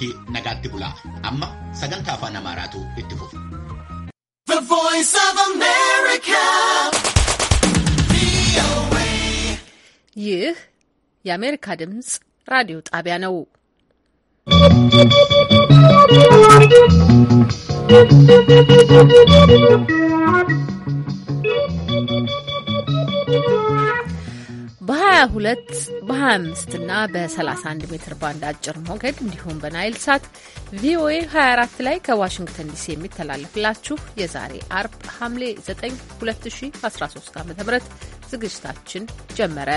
gidduutti nagaatti bula. Amma sagantaa afaan Amaaraatu itti fufu. ይህ የአሜሪካ ድምፅ ራዲዮ ጣቢያ ነው። ¶¶ በ22 በ25 እና በ31 ሜትር ባንድ አጭር ሞገድ እንዲሁም በናይል ሳት ቪኦኤ 24 ላይ ከዋሽንግተን ዲሲ የሚተላለፍላችሁ የዛሬ አርብ ሐምሌ 9 2013 ዓ ም ዝግጅታችን ጀመረ።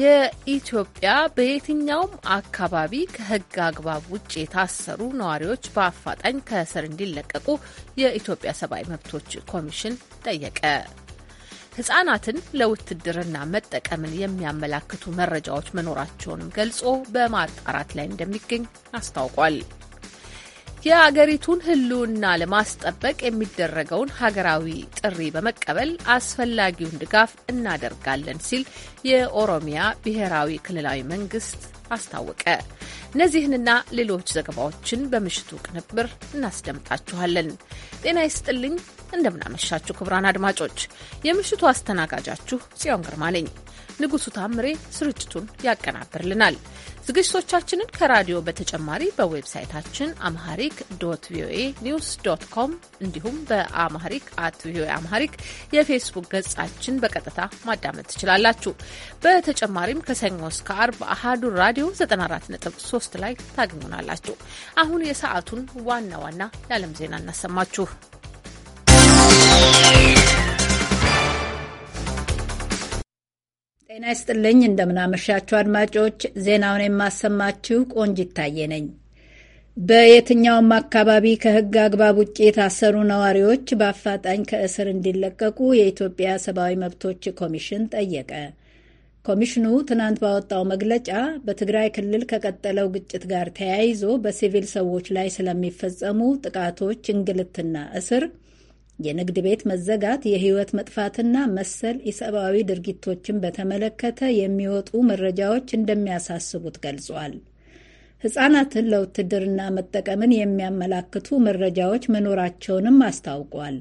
የኢትዮጵያ በየትኛውም አካባቢ ከሕግ አግባብ ውጭ የታሰሩ ነዋሪዎች በአፋጣኝ ከእስር እንዲለቀቁ የኢትዮጵያ ሰብአዊ መብቶች ኮሚሽን ጠየቀ። ሕጻናትን ለውትድርና መጠቀምን የሚያመላክቱ መረጃዎች መኖራቸውንም ገልጾ በማጣራት ላይ እንደሚገኝ አስታውቋል። የአገሪቱን ሕልውና ለማስጠበቅ የሚደረገውን ሀገራዊ ጥሪ በመቀበል አስፈላጊውን ድጋፍ እናደርጋለን ሲል የኦሮሚያ ብሔራዊ ክልላዊ መንግስት አስታወቀ። እነዚህንና ሌሎች ዘገባዎችን በምሽቱ ቅንብር እናስደምጣችኋለን። ጤና ይስጥልኝ፣ እንደምናመሻችሁ ክቡራን አድማጮች፣ የምሽቱ አስተናጋጃችሁ ጽዮን ግርማ ነኝ። ንጉሱ ታምሬ ስርጭቱን ያቀናብርልናል። ዝግጅቶቻችንን ከራዲዮ በተጨማሪ በዌብሳይታችን አምሃሪክ ዶት ቪኦኤ ኒውስ ዶት ኮም እንዲሁም በአምሃሪክ አት ቪኦኤ አምሃሪክ የፌስቡክ ገጻችን በቀጥታ ማዳመጥ ትችላላችሁ። በተጨማሪም ከሰኞ እስከ አርብ አሃዱ ራዲዮ 94.3 ላይ ታገኙናላችሁ። አሁን የሰዓቱን ዋና ዋና የዓለም ዜና እናሰማችሁ። ጤና ይስጥልኝ። እንደምናመሻችሁ አድማጮች፣ ዜናውን የማሰማችሁ ቆንጅ ይታየ ነኝ። በየትኛውም አካባቢ ከሕግ አግባብ ውጭ የታሰሩ ነዋሪዎች በአፋጣኝ ከእስር እንዲለቀቁ የኢትዮጵያ ሰብአዊ መብቶች ኮሚሽን ጠየቀ። ኮሚሽኑ ትናንት ባወጣው መግለጫ በትግራይ ክልል ከቀጠለው ግጭት ጋር ተያይዞ በሲቪል ሰዎች ላይ ስለሚፈጸሙ ጥቃቶች፣ እንግልትና እስር የንግድ ቤት መዘጋት የህይወት መጥፋትና መሰል የሰብአዊ ድርጊቶችን በተመለከተ የሚወጡ መረጃዎች እንደሚያሳስቡት ገልጿል። ህጻናትን ለውትድርና መጠቀምን የሚያመላክቱ መረጃዎች መኖራቸውንም አስታውቋል።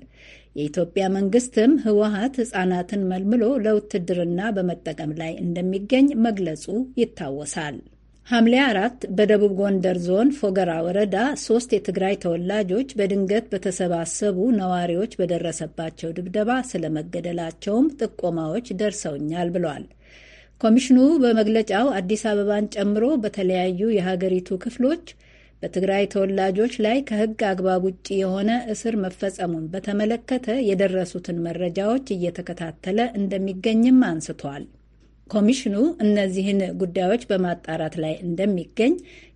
የኢትዮጵያ መንግስትም ህወሀት ህጻናትን መልምሎ ለውትድርና በመጠቀም ላይ እንደሚገኝ መግለጹ ይታወሳል። ሐምሌ አራት በደቡብ ጎንደር ዞን ፎገራ ወረዳ ሶስት የትግራይ ተወላጆች በድንገት በተሰባሰቡ ነዋሪዎች በደረሰባቸው ድብደባ ስለመገደላቸውም ጥቆማዎች ደርሰውኛል ብሏል። ኮሚሽኑ በመግለጫው አዲስ አበባን ጨምሮ በተለያዩ የሀገሪቱ ክፍሎች በትግራይ ተወላጆች ላይ ከሕግ አግባብ ውጭ የሆነ እስር መፈጸሙን በተመለከተ የደረሱትን መረጃዎች እየተከታተለ እንደሚገኝም አንስቷል። ኮሚሽኑ እነዚህን ጉዳዮች በማጣራት ላይ እንደሚገኝ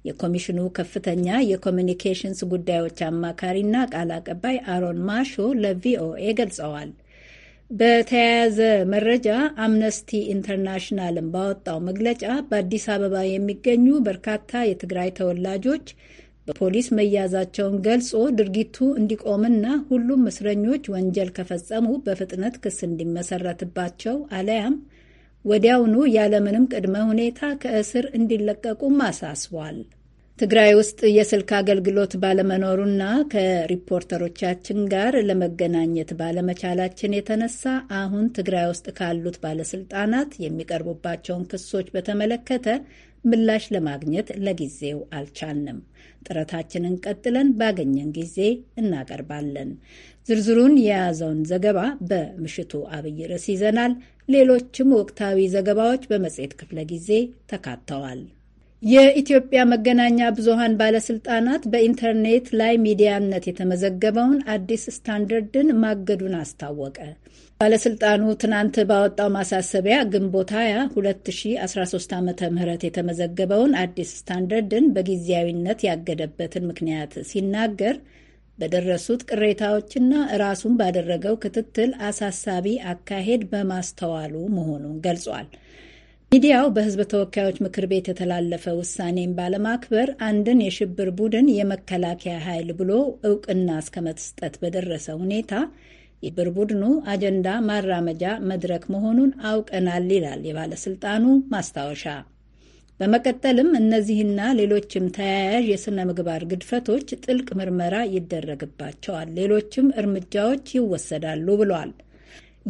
የኮሚሽኑ ከፍተኛ የኮሚኒኬሽንስ ጉዳዮች አማካሪና ቃል አቀባይ አሮን ማሾ ለቪኦኤ ገልጸዋል። በተያያዘ መረጃ አምነስቲ ኢንተርናሽናልን ባወጣው መግለጫ በአዲስ አበባ የሚገኙ በርካታ የትግራይ ተወላጆች በፖሊስ መያዛቸውን ገልጾ ድርጊቱ እንዲቆምና ሁሉም እስረኞች ወንጀል ከፈጸሙ በፍጥነት ክስ እንዲመሰረትባቸው አለያም ወዲያውኑ ያለምንም ቅድመ ሁኔታ ከእስር እንዲለቀቁም አሳስቧል። ትግራይ ውስጥ የስልክ አገልግሎት ባለመኖሩና ከሪፖርተሮቻችን ጋር ለመገናኘት ባለመቻላችን የተነሳ አሁን ትግራይ ውስጥ ካሉት ባለስልጣናት የሚቀርቡባቸውን ክሶች በተመለከተ ምላሽ ለማግኘት ለጊዜው አልቻልንም። ጥረታችንን ቀጥለን ባገኘን ጊዜ እናቀርባለን። ዝርዝሩን የያዘውን ዘገባ በምሽቱ አብይ ርዕስ ይዘናል። ሌሎችም ወቅታዊ ዘገባዎች በመጽሔት ክፍለ ጊዜ ተካተዋል። የኢትዮጵያ መገናኛ ብዙሃን ባለስልጣናት በኢንተርኔት ላይ ሚዲያነት የተመዘገበውን አዲስ ስታንደርድን ማገዱን አስታወቀ። ባለስልጣኑ ትናንት ባወጣው ማሳሰቢያ ግንቦት 20 2013 ዓ ም የተመዘገበውን አዲስ ስታንደርድን በጊዜያዊነት ያገደበትን ምክንያት ሲናገር በደረሱት ቅሬታዎችና ራሱን ባደረገው ክትትል አሳሳቢ አካሄድ በማስተዋሉ መሆኑን ገልጿል። ሚዲያው በሕዝብ ተወካዮች ምክር ቤት የተላለፈ ውሳኔን ባለማክበር አንድን የሽብር ቡድን የመከላከያ ኃይል ብሎ እውቅና እስከ መስጠት በደረሰ ሁኔታ የሽብር ቡድኑ አጀንዳ ማራመጃ መድረክ መሆኑን አውቀናል ይላል የባለስልጣኑ ማስታወሻ። በመቀጠልም እነዚህና ሌሎችም ተያያዥ የሥነ ምግባር ግድፈቶች ጥልቅ ምርመራ ይደረግባቸዋል፣ ሌሎችም እርምጃዎች ይወሰዳሉ ብሏል።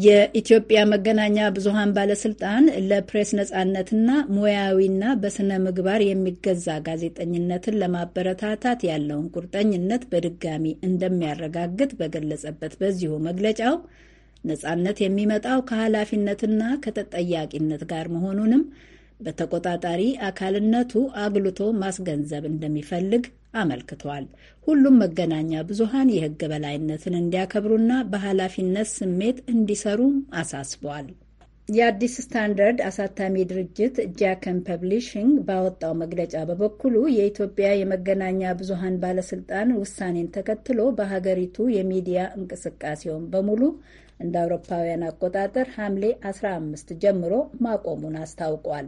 የኢትዮጵያ መገናኛ ብዙሃን ባለስልጣን ለፕሬስ ነጻነትና ሙያዊና በስነ ምግባር የሚገዛ ጋዜጠኝነትን ለማበረታታት ያለውን ቁርጠኝነት በድጋሚ እንደሚያረጋግጥ በገለጸበት በዚሁ መግለጫው ነጻነት የሚመጣው ከኃላፊነትና ከተጠያቂነት ጋር መሆኑንም በተቆጣጣሪ አካልነቱ አጉልቶ ማስገንዘብ እንደሚፈልግ አመልክቷል። ሁሉም መገናኛ ብዙሃን የህግ በላይነትን እንዲያከብሩና በኃላፊነት ስሜት እንዲሰሩ አሳስቧል። የአዲስ ስታንዳርድ አሳታሚ ድርጅት ጃከን ፐብሊሽንግ ባወጣው መግለጫ በበኩሉ የኢትዮጵያ የመገናኛ ብዙሃን ባለስልጣን ውሳኔን ተከትሎ በሀገሪቱ የሚዲያ እንቅስቃሴውን በሙሉ እንደ አውሮፓውያን አቆጣጠር ሐምሌ 15 ጀምሮ ማቆሙን አስታውቋል።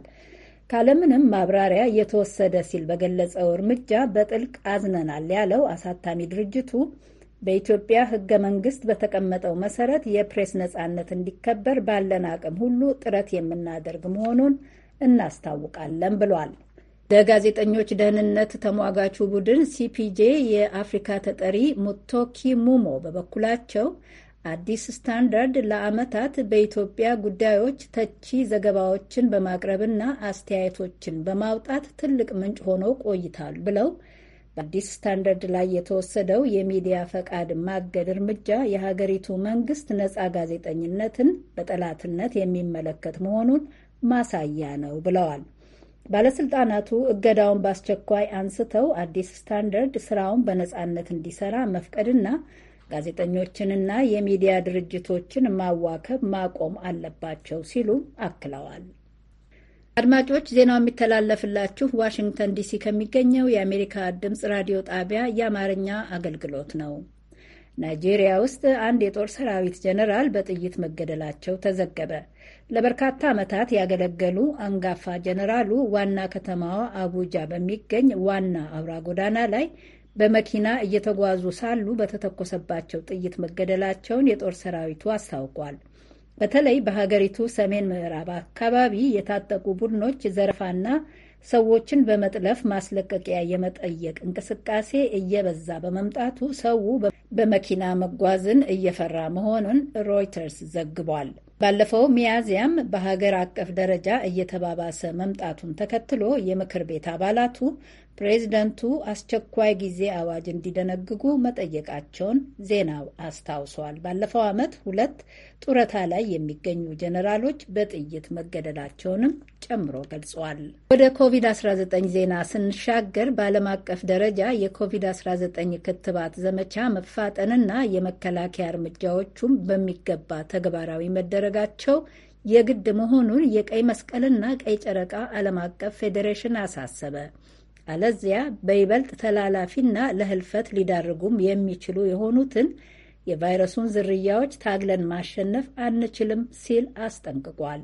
ካለምንም ማብራሪያ የተወሰደ ሲል በገለጸው እርምጃ በጥልቅ አዝነናል ያለው አሳታሚ ድርጅቱ በኢትዮጵያ ሕገ መንግስት በተቀመጠው መሰረት የፕሬስ ነጻነት እንዲከበር ባለን አቅም ሁሉ ጥረት የምናደርግ መሆኑን እናስታውቃለን ብሏል። ለጋዜጠኞች ደህንነት ተሟጋቹ ቡድን ሲፒጄ የአፍሪካ ተጠሪ ሙቶኪ ሙሞ በበኩላቸው አዲስ ስታንዳርድ ለዓመታት በኢትዮጵያ ጉዳዮች ተቺ ዘገባዎችን በማቅረብና አስተያየቶችን በማውጣት ትልቅ ምንጭ ሆኖ ቆይታል ብለው በአዲስ ስታንዳርድ ላይ የተወሰደው የሚዲያ ፈቃድ ማገድ እርምጃ የሀገሪቱ መንግስት ነፃ ጋዜጠኝነትን በጠላትነት የሚመለከት መሆኑን ማሳያ ነው ብለዋል። ባለስልጣናቱ እገዳውን በአስቸኳይ አንስተው አዲስ ስታንዳርድ ስራውን በነፃነት እንዲሰራ መፍቀድና ጋዜጠኞችንና የሚዲያ ድርጅቶችን ማዋከብ ማቆም አለባቸው ሲሉም አክለዋል። አድማጮች ዜናው የሚተላለፍላችሁ ዋሽንግተን ዲሲ ከሚገኘው የአሜሪካ ድምፅ ራዲዮ ጣቢያ የአማርኛ አገልግሎት ነው። ናይጄሪያ ውስጥ አንድ የጦር ሰራዊት ጀነራል በጥይት መገደላቸው ተዘገበ። ለበርካታ ዓመታት ያገለገሉ አንጋፋ ጀነራሉ ዋና ከተማዋ አቡጃ በሚገኝ ዋና አውራ ጎዳና ላይ በመኪና እየተጓዙ ሳሉ በተተኮሰባቸው ጥይት መገደላቸውን የጦር ሰራዊቱ አስታውቋል። በተለይ በሀገሪቱ ሰሜን ምዕራብ አካባቢ የታጠቁ ቡድኖች ዘረፋና ሰዎችን በመጥለፍ ማስለቀቂያ የመጠየቅ እንቅስቃሴ እየበዛ በመምጣቱ ሰው በመኪና መጓዝን እየፈራ መሆኑን ሮይተርስ ዘግቧል። ባለፈው ሚያዝያም በሀገር አቀፍ ደረጃ እየተባባሰ መምጣቱን ተከትሎ የምክር ቤት አባላቱ ፕሬዝደንቱ አስቸኳይ ጊዜ አዋጅ እንዲደነግጉ መጠየቃቸውን ዜናው አስታውሷል። ባለፈው ዓመት ሁለት ጡረታ ላይ የሚገኙ ጀነራሎች በጥይት መገደላቸውንም ጨምሮ ገልጿል። ወደ ኮቪድ-19 ዜና ስንሻገር በዓለም አቀፍ ደረጃ የኮቪድ-19 ክትባት ዘመቻ መፋጠንና የመከላከያ እርምጃዎቹም በሚገባ ተግባራዊ መደረጋቸው የግድ መሆኑን የቀይ መስቀልና ቀይ ጨረቃ ዓለም አቀፍ ፌዴሬሽን አሳሰበ። አለዚያ በይበልጥ ተላላፊና ለህልፈት ሊዳርጉም የሚችሉ የሆኑትን የቫይረሱን ዝርያዎች ታግለን ማሸነፍ አንችልም ሲል አስጠንቅቋል።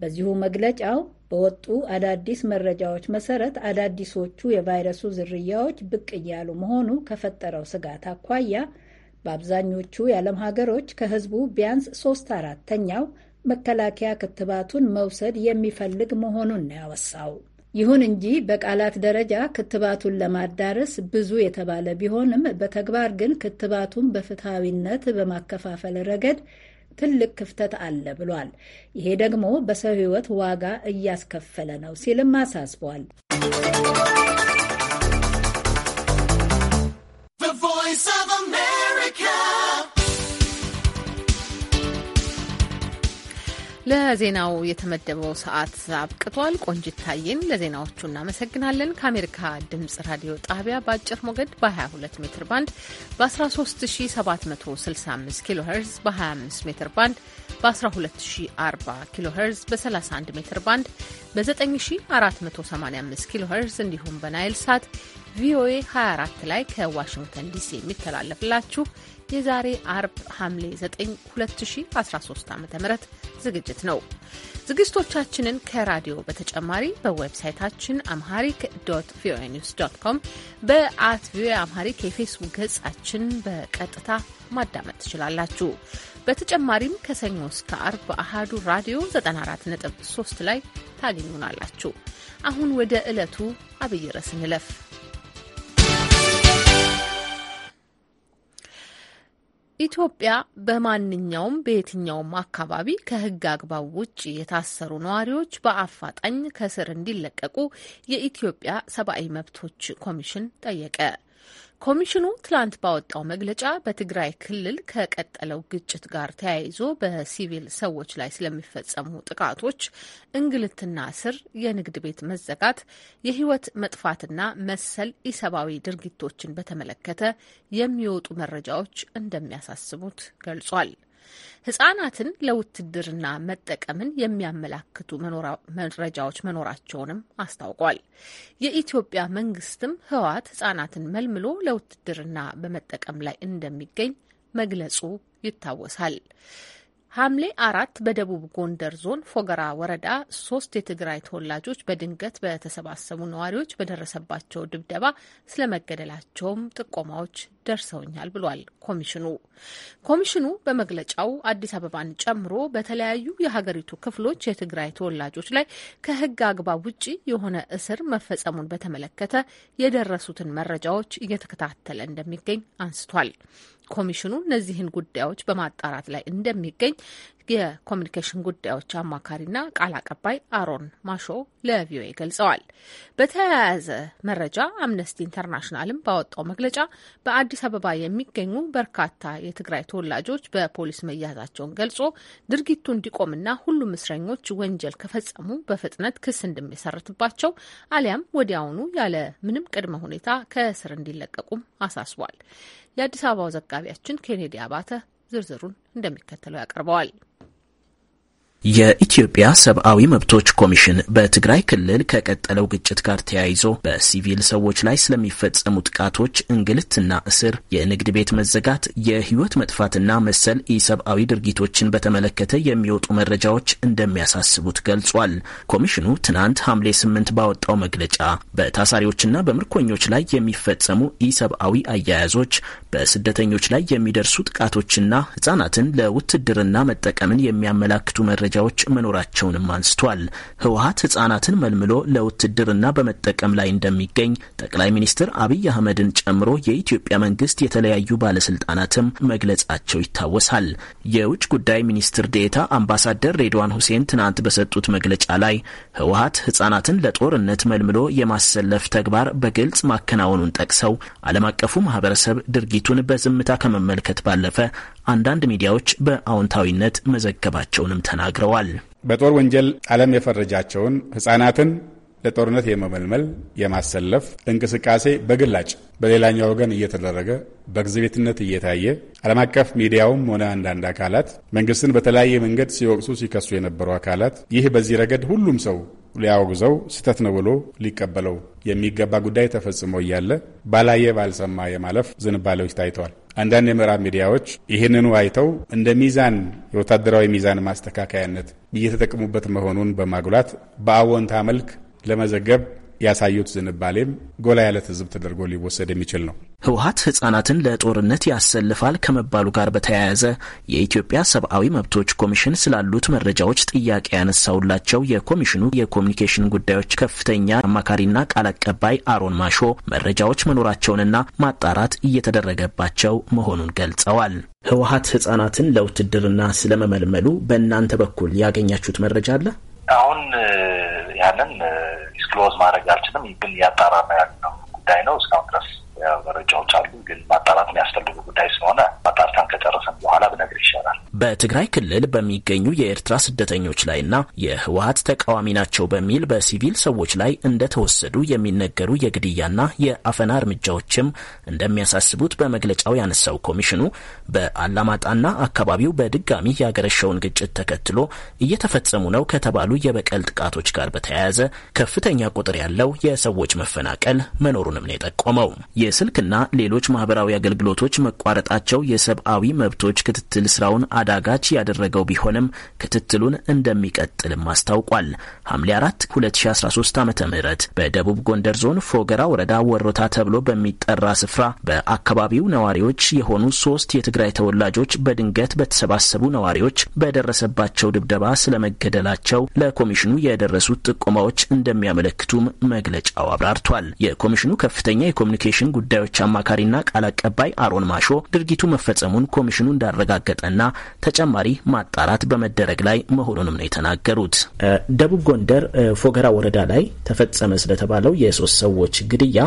በዚሁ መግለጫው በወጡ አዳዲስ መረጃዎች መሰረት አዳዲሶቹ የቫይረሱ ዝርያዎች ብቅ እያሉ መሆኑ ከፈጠረው ስጋት አኳያ በአብዛኞቹ የዓለም ሀገሮች ከህዝቡ ቢያንስ ሶስት አራተኛው መከላከያ ክትባቱን መውሰድ የሚፈልግ መሆኑን ነው ያወሳው። ይሁን እንጂ በቃላት ደረጃ ክትባቱን ለማዳረስ ብዙ የተባለ ቢሆንም በተግባር ግን ክትባቱን በፍትሐዊነት በማከፋፈል ረገድ ትልቅ ክፍተት አለ ብሏል። ይሄ ደግሞ በሰው ሕይወት ዋጋ እያስከፈለ ነው ሲልም አሳስቧል። ለዜናው የተመደበው ሰዓት አብቅቷል። ቆንጅታዬን ለዜናዎቹ እናመሰግናለን። ከአሜሪካ ድምጽ ራዲዮ ጣቢያ በአጭር ሞገድ በ22 ሜትር ባንድ በ13765 ኪሎ ሄርዝ በ25 ሜትር ባንድ በ1240 ኪሎ ሄርዝ በ31 ሜትር ባንድ በ9485 ኪሎ ሄርዝ እንዲሁም በናይል ሳት ቪኦኤ 24 ላይ ከዋሽንግተን ዲሲ የሚተላለፍላችሁ የዛሬ አርብ ሐምሌ 9 2013 ዓ ም ዝግጅት ነው። ዝግጅቶቻችንን ከራዲዮ በተጨማሪ በዌብሳይታችን አምሃሪክ ዶት ቪኦኤ ኒውስ ዶት ኮም በአት ቪኦኤ አምሃሪክ የፌስቡክ ገጻችን በቀጥታ ማዳመጥ ትችላላችሁ። በተጨማሪም ከሰኞ እስከ አርብ በአሃዱ ራዲዮ 94.3 ላይ ታገኙናላችሁ። አሁን ወደ ዕለቱ አብይ ርዕስ እንለፍ። ኢትዮጵያ በማንኛውም በየትኛውም አካባቢ ከሕግ አግባብ ውጭ የታሰሩ ነዋሪዎች በአፋጣኝ ከስር እንዲለቀቁ የኢትዮጵያ ሰብአዊ መብቶች ኮሚሽን ጠየቀ። ኮሚሽኑ ትላንት ባወጣው መግለጫ በትግራይ ክልል ከቀጠለው ግጭት ጋር ተያይዞ በሲቪል ሰዎች ላይ ስለሚፈጸሙ ጥቃቶች፣ እንግልትና ስር፣ የንግድ ቤት መዘጋት፣ የህይወት መጥፋትና መሰል ኢሰብአዊ ድርጊቶችን በተመለከተ የሚወጡ መረጃዎች እንደሚያሳስቡት ገልጿል። ህጻናትን ለውትድርና መጠቀምን የሚያመላክቱ መረጃዎች መኖራቸውንም አስታውቋል። የኢትዮጵያ መንግስትም ህወሓት ህጻናትን መልምሎ ለውትድርና በመጠቀም ላይ እንደሚገኝ መግለጹ ይታወሳል። ሐምሌ አራት በደቡብ ጎንደር ዞን ፎገራ ወረዳ ሶስት የትግራይ ተወላጆች በድንገት በተሰባሰቡ ነዋሪዎች በደረሰባቸው ድብደባ ስለመገደላቸውም ጥቆማዎች ደርሰውኛል ብሏል ኮሚሽኑ። ኮሚሽኑ በመግለጫው አዲስ አበባን ጨምሮ በተለያዩ የሀገሪቱ ክፍሎች የትግራይ ተወላጆች ላይ ከሕግ አግባብ ውጪ የሆነ እስር መፈጸሙን በተመለከተ የደረሱትን መረጃዎች እየተከታተለ እንደሚገኝ አንስቷል። ኮሚሽኑ እነዚህን ጉዳዮች በማጣራት ላይ እንደሚገኝ የኮሚኒኬሽን ጉዳዮች አማካሪና ቃል አቀባይ አሮን ማሾ ለቪኦኤ ገልጸዋል። በተያያዘ መረጃ አምነስቲ ኢንተርናሽናልም ባወጣው መግለጫ በአዲስ አበባ የሚገኙ በርካታ የትግራይ ተወላጆች በፖሊስ መያዛቸውን ገልጾ ድርጊቱ እንዲቆምና ሁሉም እስረኞች ወንጀል ከፈጸሙ በፍጥነት ክስ እንደሚሰረትባቸው አሊያም ወዲያውኑ ያለ ምንም ቅድመ ሁኔታ ከእስር እንዲለቀቁም አሳስቧል። የአዲስ አበባው ዘጋቢያችን ኬኔዲ አባተ ዝርዝሩን እንደሚከተለው ያቀርበዋል። የኢትዮጵያ ሰብአዊ መብቶች ኮሚሽን በትግራይ ክልል ከቀጠለው ግጭት ጋር ተያይዞ በሲቪል ሰዎች ላይ ስለሚፈጸሙ ጥቃቶች፣ እንግልትና እስር፣ የንግድ ቤት መዘጋት፣ የህይወት መጥፋትና መሰል ኢሰብአዊ ድርጊቶችን በተመለከተ የሚወጡ መረጃዎች እንደሚያሳስቡት ገልጿል። ኮሚሽኑ ትናንት ሐምሌ ስምንት ባወጣው መግለጫ በታሳሪዎችና በምርኮኞች ላይ የሚፈጸሙ ኢሰብአዊ አያያዞች በስደተኞች ላይ የሚደርሱ ጥቃቶችና ህጻናትን ለውትድርና መጠቀምን የሚያመላክቱ መረጃዎች መኖራቸውንም አንስቷል። ህወሀት ህጻናትን መልምሎ ለውትድርና በመጠቀም ላይ እንደሚገኝ ጠቅላይ ሚኒስትር አብይ አህመድን ጨምሮ የኢትዮጵያ መንግስት የተለያዩ ባለስልጣናትም መግለጻቸው ይታወሳል። የውጭ ጉዳይ ሚኒስትር ዴታ አምባሳደር ሬድዋን ሁሴን ትናንት በሰጡት መግለጫ ላይ ህወሀት ህጻናትን ለጦርነት መልምሎ የማሰለፍ ተግባር በግልጽ ማከናወኑን ጠቅሰው ዓለም አቀፉ ማህበረሰብ ድርጊቱ ድርጊቱን በዝምታ ከመመልከት ባለፈ አንዳንድ ሚዲያዎች በአዎንታዊነት መዘገባቸውንም ተናግረዋል። በጦር ወንጀል ዓለም የፈረጃቸውን ህጻናትን ለጦርነት የመመልመል የማሰለፍ እንቅስቃሴ በግላጭ በሌላኛው ወገን እየተደረገ በግዝቤትነት እየታየ ዓለም አቀፍ ሚዲያውም ሆነ አንዳንድ አካላት መንግስትን በተለያየ መንገድ ሲወቅሱ ሲከሱ የነበሩ አካላት ይህ በዚህ ረገድ ሁሉም ሰው ሊያወግዘው ስህተት ነው ብሎ ሊቀበለው የሚገባ ጉዳይ ተፈጽሞ እያለ ባላየ ባልሰማ የማለፍ ዝንባሌዎች ታይተዋል። አንዳንድ የምዕራብ ሚዲያዎች ይህንኑ አይተው እንደ ሚዛን የወታደራዊ ሚዛን ማስተካከያነት እየተጠቀሙበት መሆኑን በማጉላት በአዎንታ መልክ ለመዘገብ ያሳዩት ዝንባሌም ጎላ ያለ ትዝብ ተደርጎ ሊወሰድ የሚችል ነው። ህወሀት ህጻናትን ለጦርነት ያሰልፋል ከመባሉ ጋር በተያያዘ የኢትዮጵያ ሰብአዊ መብቶች ኮሚሽን ስላሉት መረጃዎች ጥያቄ ያነሳውላቸው የኮሚሽኑ የኮሚኒኬሽን ጉዳዮች ከፍተኛ አማካሪና ቃል አቀባይ አሮን ማሾ መረጃዎች መኖራቸውንና ማጣራት እየተደረገባቸው መሆኑን ገልጸዋል። ህወሀት ህጻናትን ለውትድርና ስለመመልመሉ በእናንተ በኩል ያገኛችሁት መረጃ አለ? አሁን ያንን ዲስክሎዝ ማድረግ አልችልም፣ ግን እያጣራ ነው ያለው ጉዳይ ነው እስካሁን ድረስ መረጃዎች አሉ፣ ግን ማጣራት የሚያስፈልጉ ጉዳይ ስለሆነ ማጣርታን ከጨረሰን በኋላ ብነግር ይሻላል። በትግራይ ክልል በሚገኙ የኤርትራ ስደተኞች ላይና የህወሀት ተቃዋሚ ናቸው በሚል በሲቪል ሰዎች ላይ እንደተወሰዱ የሚነገሩ የግድያና የአፈና እርምጃዎችም እንደሚያሳስቡት በመግለጫው ያነሳው ኮሚሽኑ በአላማጣና አካባቢው በድጋሚ ያገረሸውን ግጭት ተከትሎ እየተፈጸሙ ነው ከተባሉ የበቀል ጥቃቶች ጋር በተያያዘ ከፍተኛ ቁጥር ያለው የሰዎች መፈናቀል መኖሩንም ነው የጠቆመው። የስልክና ሌሎች ማህበራዊ አገልግሎቶች መቋረጣቸው የሰብአዊ መብቶች ክትትል ስራውን አዳጋች ያደረገው ቢሆንም ክትትሉን እንደሚቀጥልም አስታውቋል። ሐምሌ 4 2013 ዓ ም በደቡብ ጎንደር ዞን ፎገራ ወረዳ ወሮታ ተብሎ በሚጠራ ስፍራ በአካባቢው ነዋሪዎች የሆኑ ሶስት የትግራይ ተወላጆች በድንገት በተሰባሰቡ ነዋሪዎች በደረሰባቸው ድብደባ ስለመገደላቸው ለኮሚሽኑ የደረሱት ጥቆማዎች እንደሚያመለክቱም መግለጫው አብራርቷል። የኮሚሽኑ ከፍተኛ የኮሚኒኬሽን ጉዳዮች አማካሪና ቃል አቀባይ አሮን ማሾ ድርጊቱ መፈጸሙን ኮሚሽኑ እንዳረጋገጠና ተጨማሪ ማጣራት በመደረግ ላይ መሆኑንም ነው የተናገሩት። ደቡብ ጎንደር ፎገራ ወረዳ ላይ ተፈጸመ ስለተባለው የሶስት ሰዎች ግድያ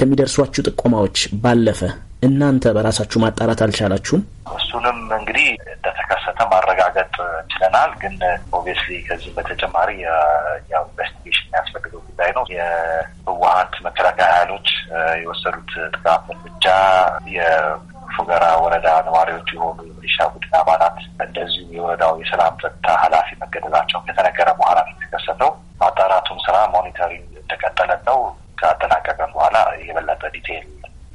ከሚደርሷችሁ ጥቆማዎች ባለፈ እናንተ በራሳችሁ ማጣራት አልቻላችሁም? እሱንም እንግዲህ እንደተከሰተ ማረጋገጥ ችለናል። ግን ኦብቪየስሊ ከዚህም በተጨማሪ ኢንቨስቲጌሽን የሚያስፈልገው ጉዳይ ነው። የህወሀት መከላከያ ኃይሎች የወሰዱት ጥቃት እርምጃ የፉገራ ወረዳ ነዋሪዎች የሆኑ የሚሊሻ ቡድን አባላት እንደዚሁም የወረዳው የሰላም ጸጥታ ኃላፊ መገደላቸው ከተነገረ በኋላ ነው የተከሰተው። ማጣራቱም ስራ ሞኒተሪንግ እንደቀጠለን ነው። ካጠናቀቀን በኋላ የበለጠ ዲቴይል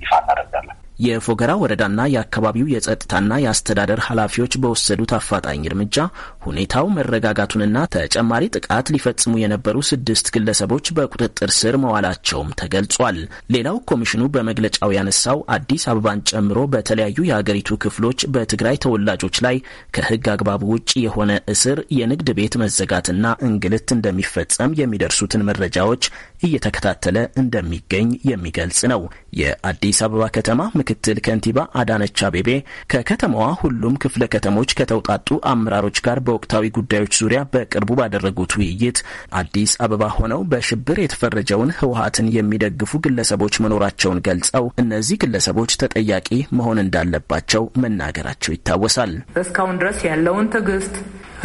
ይፋ እናደርጋለን። የፎገራ ወረዳና የአካባቢው የጸጥታና የአስተዳደር ኃላፊዎች በወሰዱት አፋጣኝ እርምጃ ሁኔታው መረጋጋቱንና ተጨማሪ ጥቃት ሊፈጽሙ የነበሩ ስድስት ግለሰቦች በቁጥጥር ስር መዋላቸውም ተገልጿል። ሌላው ኮሚሽኑ በመግለጫው ያነሳው አዲስ አበባን ጨምሮ በተለያዩ የሀገሪቱ ክፍሎች በትግራይ ተወላጆች ላይ ከህግ አግባብ ውጭ የሆነ እስር፣ የንግድ ቤት መዘጋትና እንግልት እንደሚፈጸም የሚደርሱትን መረጃዎች እየተከታተለ እንደሚገኝ የሚገልጽ ነው። የአዲስ አበባ ከተማ ምክትል ከንቲባ አዳነች አቤቤ ከከተማዋ ሁሉም ክፍለ ከተሞች ከተውጣጡ አመራሮች ጋር በ በወቅታዊ ጉዳዮች ዙሪያ በቅርቡ ባደረጉት ውይይት አዲስ አበባ ሆነው በሽብር የተፈረጀውን ህወሀትን የሚደግፉ ግለሰቦች መኖራቸውን ገልጸው እነዚህ ግለሰቦች ተጠያቂ መሆን እንዳለባቸው መናገራቸው ይታወሳል። እስካሁን ድረስ ያለውን ትዕግስት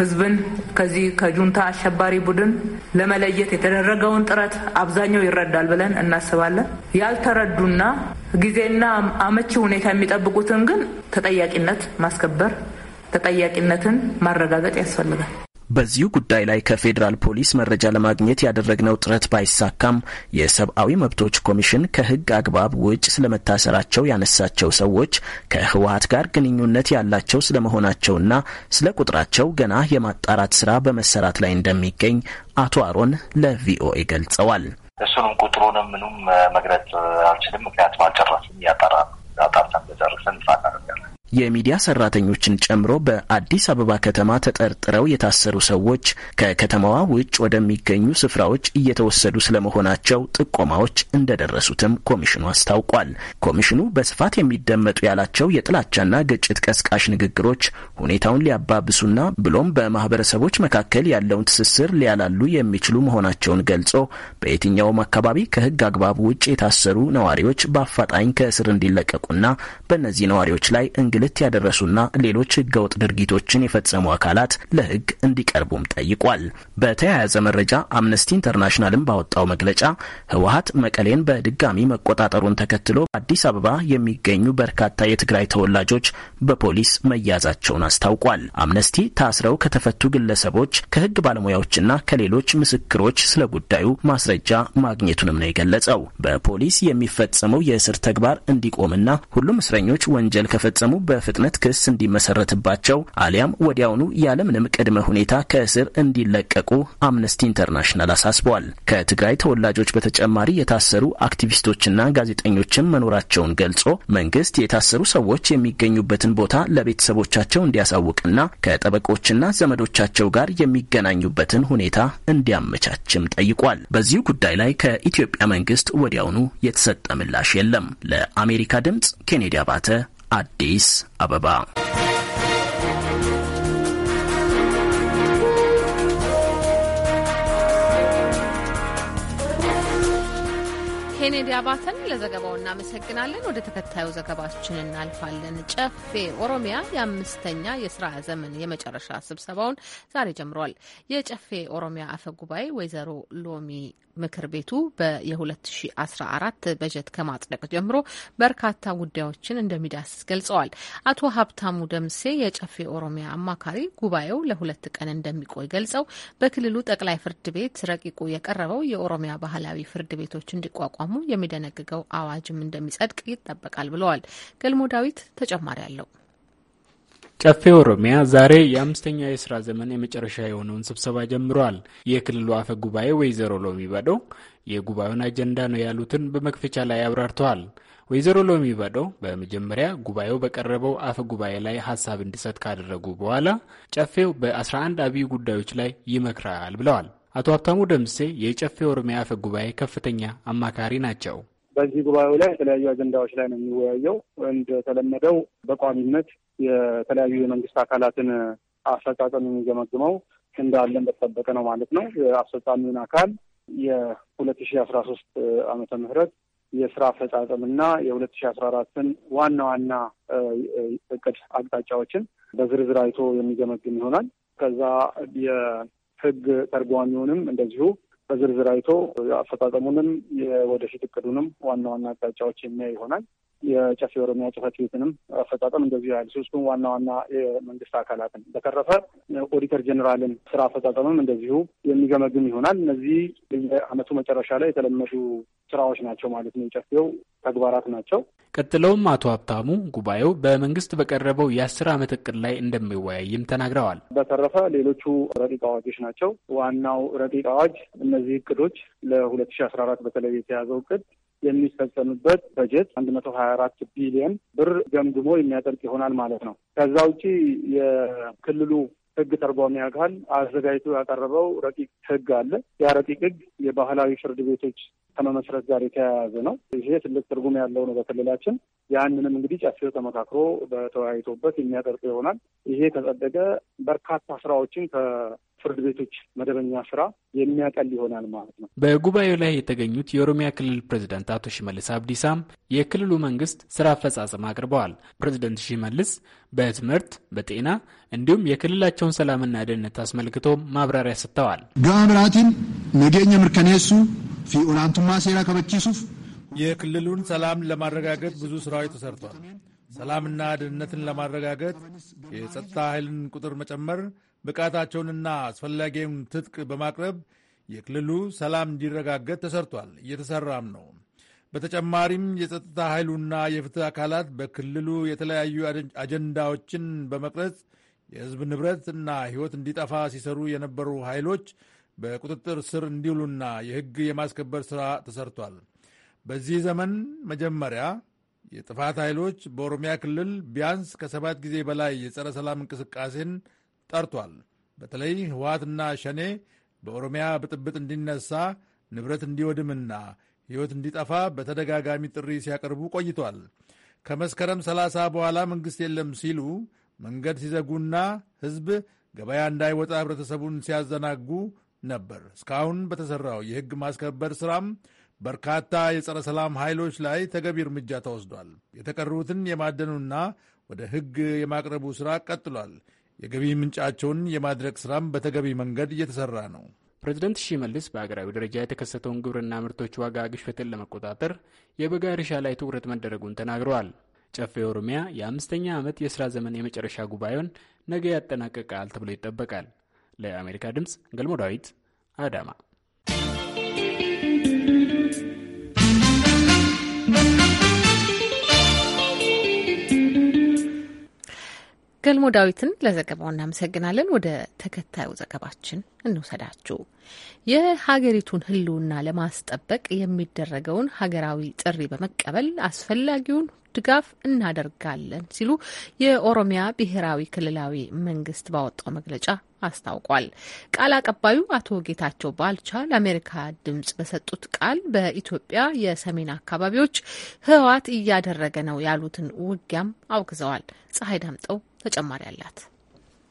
ህዝብን ከዚህ ከጁንታ አሸባሪ ቡድን ለመለየት የተደረገውን ጥረት አብዛኛው ይረዳል ብለን እናስባለን። ያልተረዱና ጊዜና አመቺ ሁኔታ የሚጠብቁትን ግን ተጠያቂነት ማስከበር ተጠያቂነትን ማረጋገጥ ያስፈልጋል። በዚሁ ጉዳይ ላይ ከፌዴራል ፖሊስ መረጃ ለማግኘት ያደረግነው ጥረት ባይሳካም የሰብአዊ መብቶች ኮሚሽን ከሕግ አግባብ ውጭ ስለመታሰራቸው ያነሳቸው ሰዎች ከህወሀት ጋር ግንኙነት ያላቸው ስለመሆናቸውና ስለ ቁጥራቸው ገና የማጣራት ስራ በመሰራት ላይ እንደሚገኝ አቶ አሮን ለቪኦኤ ገልጸዋል። እሱንም ቁጥሩንም ምኑም መግለጽ አልችልም፣ ምክንያቱም አልጨረስም። ያጠራ አጣርተን በጨርሰን ያለ የሚዲያ ሰራተኞችን ጨምሮ በአዲስ አበባ ከተማ ተጠርጥረው የታሰሩ ሰዎች ከከተማዋ ውጭ ወደሚገኙ ስፍራዎች እየተወሰዱ ስለመሆናቸው ጥቆማዎች እንደደረሱትም ኮሚሽኑ አስታውቋል። ኮሚሽኑ በስፋት የሚደመጡ ያላቸው የጥላቻና ግጭት ቀስቃሽ ንግግሮች ሁኔታውን ሊያባብሱና ብሎም በማህበረሰቦች መካከል ያለውን ትስስር ሊያላሉ የሚችሉ መሆናቸውን ገልጾ በየትኛውም አካባቢ ከህግ አግባብ ውጭ የታሰሩ ነዋሪዎች በአፋጣኝ ከእስር እንዲለቀቁና በእነዚህ ነዋሪዎች ላይ እንግ እንግልት ያደረሱና ሌሎች ህገወጥ ድርጊቶችን የፈጸሙ አካላት ለህግ እንዲቀርቡም ጠይቋል። በተያያዘ መረጃ አምነስቲ ኢንተርናሽናልም ባወጣው መግለጫ ህወሀት መቀሌን በድጋሚ መቆጣጠሩን ተከትሎ አዲስ አበባ የሚገኙ በርካታ የትግራይ ተወላጆች በፖሊስ መያዛቸውን አስታውቋል። አምነስቲ ታስረው ከተፈቱ ግለሰቦች፣ ከህግ ባለሙያዎችና ከሌሎች ምስክሮች ስለ ጉዳዩ ማስረጃ ማግኘቱንም ነው የገለጸው። በፖሊስ የሚፈጸመው የእስር ተግባር እንዲቆምና ሁሉም እስረኞች ወንጀል ከፈጸሙ በፍጥነት ክስ እንዲመሰረትባቸው አሊያም ወዲያውኑ ያለምንም ቅድመ ሁኔታ ከእስር እንዲለቀቁ አምነስቲ ኢንተርናሽናል አሳስበዋል። ከትግራይ ተወላጆች በተጨማሪ የታሰሩ አክቲቪስቶችና ጋዜጠኞችም መኖራቸውን ገልጾ መንግስት የታሰሩ ሰዎች የሚገኙበትን ቦታ ለቤተሰቦቻቸው እንዲያሳውቅና ከጠበቆችና ዘመዶቻቸው ጋር የሚገናኙበትን ሁኔታ እንዲያመቻችም ጠይቋል። በዚሁ ጉዳይ ላይ ከኢትዮጵያ መንግስት ወዲያውኑ የተሰጠ ምላሽ የለም። ለአሜሪካ ድምጽ ኬኔዲ አባተ አዲስ አበባ። ኬኔዲ አባተን ለዘገባው እናመሰግናለን። ወደ ተከታዩ ዘገባችን እናልፋለን። ጨፌ ኦሮሚያ የአምስተኛ የስራ ዘመን የመጨረሻ ስብሰባውን ዛሬ ጀምሯል። የጨፌ ኦሮሚያ አፈ ጉባኤ ወይዘሮ ሎሚ ምክር ቤቱ የ2014 በጀት ከማጽደቅ ጀምሮ በርካታ ጉዳዮችን እንደሚዳስስ ገልጸዋል። አቶ ሀብታሙ ደምሴ የጨፌ ኦሮሚያ አማካሪ ጉባኤው ለሁለት ቀን እንደሚቆይ ገልጸው በክልሉ ጠቅላይ ፍርድ ቤት ረቂቁ የቀረበው የኦሮሚያ ባህላዊ ፍርድ ቤቶች እንዲቋቋሙ የሚደነግገው አዋጅም እንደሚጸድቅ ይጠበቃል ብለዋል። ገልሞ ዳዊት ተጨማሪ አለው። ጨፌ ኦሮሚያ ዛሬ የአምስተኛ የስራ ዘመን የመጨረሻ የሆነውን ስብሰባ ጀምረዋል። የክልሉ አፈ ጉባኤ ወይዘሮ ሎሚ በዶ የጉባኤውን አጀንዳ ነው ያሉትን በመክፈቻ ላይ አብራርተዋል። ወይዘሮ ሎሚ በዶ በመጀመሪያ ጉባኤው በቀረበው አፈ ጉባኤ ላይ ሀሳብ እንዲሰጥ ካደረጉ በኋላ ጨፌው በ11 አብይ ጉዳዮች ላይ ይመክራል ብለዋል። አቶ ሀብታሙ ደምሴ የጨፌ ኦሮሚያ አፈ ጉባኤ ከፍተኛ አማካሪ ናቸው። በዚህ ጉባኤው ላይ የተለያዩ አጀንዳዎች ላይ ነው የሚወያየው። እንደተለመደው በቋሚነት የተለያዩ የመንግስት አካላትን አፈጻጸም የሚገመግመው እንዳለን በተጠበቀ ነው ማለት ነው። የአስፈጻሚውን አካል የሁለት ሺ አስራ ሶስት አመተ ምህረት የስራ አፈጻጸምና የሁለት ሺ አስራ አራትን ዋና ዋና እቅድ አቅጣጫዎችን በዝርዝር አይቶ የሚገመግም ይሆናል። ከዛ የህግ ተርጓሚውንም እንደዚሁ በዝርዝር አይቶ አፈጻጸሙንም የወደፊት እቅዱንም ዋና ዋና አቅጣጫዎች የሚያይ ይሆናል። የጨፌ ኦሮሚያ ጽህፈት ቤትንም አፈጻጸም እንደዚሁ ያህል ሶስቱም ዋና ዋና የመንግስት አካላትን በተረፈ ኦዲተር ጀኔራልን ስራ አፈጻጸምም እንደዚሁ የሚገመግም ይሆናል። እነዚህ የአመቱ መጨረሻ ላይ የተለመዱ ስራዎች ናቸው ማለት ነው። የጨፌው ተግባራት ናቸው። ቀጥለውም አቶ ሀብታሙ ጉባኤው በመንግስት በቀረበው የአስር አመት እቅድ ላይ እንደሚወያይም ተናግረዋል። በተረፈ ሌሎቹ ረቂቅ አዋጆች ናቸው። ዋናው ረቂቅ አዋጅ እነዚህ እቅዶች ለሁለት ሺ አስራ አራት በተለይ የተያዘው እቅድ የሚፈጸምበት በጀት አንድ መቶ ሀያ አራት ቢሊዮን ብር ገምግሞ የሚያጠርቅ ይሆናል ማለት ነው። ከዛ ውጪ የክልሉ ሕግ ተርጓሚ አካል አዘጋጅቶ ያቀረበው ረቂቅ ሕግ አለ። ያ ረቂቅ ሕግ የባህላዊ ፍርድ ቤቶች ከመመስረት ጋር የተያያዘ ነው። ይሄ ትልቅ ትርጉም ያለው ነው በክልላችን። ያንንም እንግዲህ ጨፌው ተመካክሮ በተወያይቶበት የሚያጠርቅ ይሆናል። ይሄ ከጸደቀ በርካታ ስራዎችን ፍርድ ቤቶች መደበኛ ስራ የሚያቀል ይሆናል ማለት ነው። በጉባኤው ላይ የተገኙት የኦሮሚያ ክልል ፕሬዚደንት አቶ ሽመልስ አብዲሳም የክልሉ መንግስት ስራ አፈጻጸም አቅርበዋል። ፕሬዚደንት ሽመልስ በትምህርት በጤና እንዲሁም የክልላቸውን ሰላምና ደህንነት አስመልክቶ ማብራሪያ ሰጥተዋል። ጋምራቲን ብራቲን ምርከኔሱ ፊ ኦላንቱማ ሴራ ከበቺሱፍ የክልሉን ሰላም ለማረጋገጥ ብዙ ስራዎች ተሰርቷል። ሰላምና ደህንነትን ለማረጋገጥ የጸጥታ ኃይልን ቁጥር መጨመር፣ ብቃታቸውንና አስፈላጊውን ትጥቅ በማቅረብ የክልሉ ሰላም እንዲረጋገጥ ተሰርቷል፣ እየተሰራም ነው። በተጨማሪም የጸጥታ ኃይሉና የፍትህ አካላት በክልሉ የተለያዩ አጀንዳዎችን በመቅረጽ የህዝብ ንብረት እና ሕይወት እንዲጠፋ ሲሰሩ የነበሩ ኃይሎች በቁጥጥር ስር እንዲውሉና የሕግ የማስከበር ሥራ ተሰርቷል። በዚህ ዘመን መጀመሪያ የጥፋት ኃይሎች በኦሮሚያ ክልል ቢያንስ ከሰባት ጊዜ በላይ የጸረ ሰላም እንቅስቃሴን ጠርቷል። በተለይ ህወሓትና ሸኔ በኦሮሚያ ብጥብጥ እንዲነሳ ንብረት እንዲወድምና ሕይወት እንዲጠፋ በተደጋጋሚ ጥሪ ሲያቀርቡ ቆይቷል። ከመስከረም 30 በኋላ መንግሥት የለም ሲሉ መንገድ ሲዘጉና ሕዝብ ገበያ እንዳይወጣ ህብረተሰቡን ሲያዘናጉ ነበር። እስካሁን በተሠራው የሕግ ማስከበር ሥራም በርካታ የጸረ ሰላም ኃይሎች ላይ ተገቢ እርምጃ ተወስዷል። የተቀሩትን የማደኑና ወደ ሕግ የማቅረቡ ሥራ ቀጥሏል። የገቢ ምንጫቸውን የማድረግ ስራም በተገቢ መንገድ እየተሰራ ነው። ፕሬዚደንት መልስ በሀገራዊ ደረጃ የተከሰተውን ግብርና ምርቶች ዋጋ ግሽበትን ለመቆጣጠር የበጋ እርሻ ላይ ትኩረት መደረጉን ተናግረዋል። ጨፌ ኦሮሚያ የአምስተኛ ዓመት የሥራ ዘመን የመጨረሻ ጉባኤውን ነገ ያጠናቀቃል ተብሎ ይጠበቃል። ለአሜሪካ ድምፅ ገልሞ ዳዊት አዳማ ገልሞ ዳዊትን ለዘገባው እናመሰግናለን። ወደ ተከታዩ ዘገባችን እንውሰዳችሁ። የሀገሪቱን ሕልውና ለማስጠበቅ የሚደረገውን ሀገራዊ ጥሪ በመቀበል አስፈላጊውን ድጋፍ እናደርጋለን ሲሉ የኦሮሚያ ብሔራዊ ክልላዊ መንግስት ባወጣው መግለጫ አስታውቋል። ቃል አቀባዩ አቶ ጌታቸው ባልቻ ለአሜሪካ ድምጽ በሰጡት ቃል በኢትዮጵያ የሰሜን አካባቢዎች ህወሓት እያደረገ ነው ያሉትን ውጊያም አውግዘዋል። ፀሐይ ዳምጠው ተጨማሪ አላት።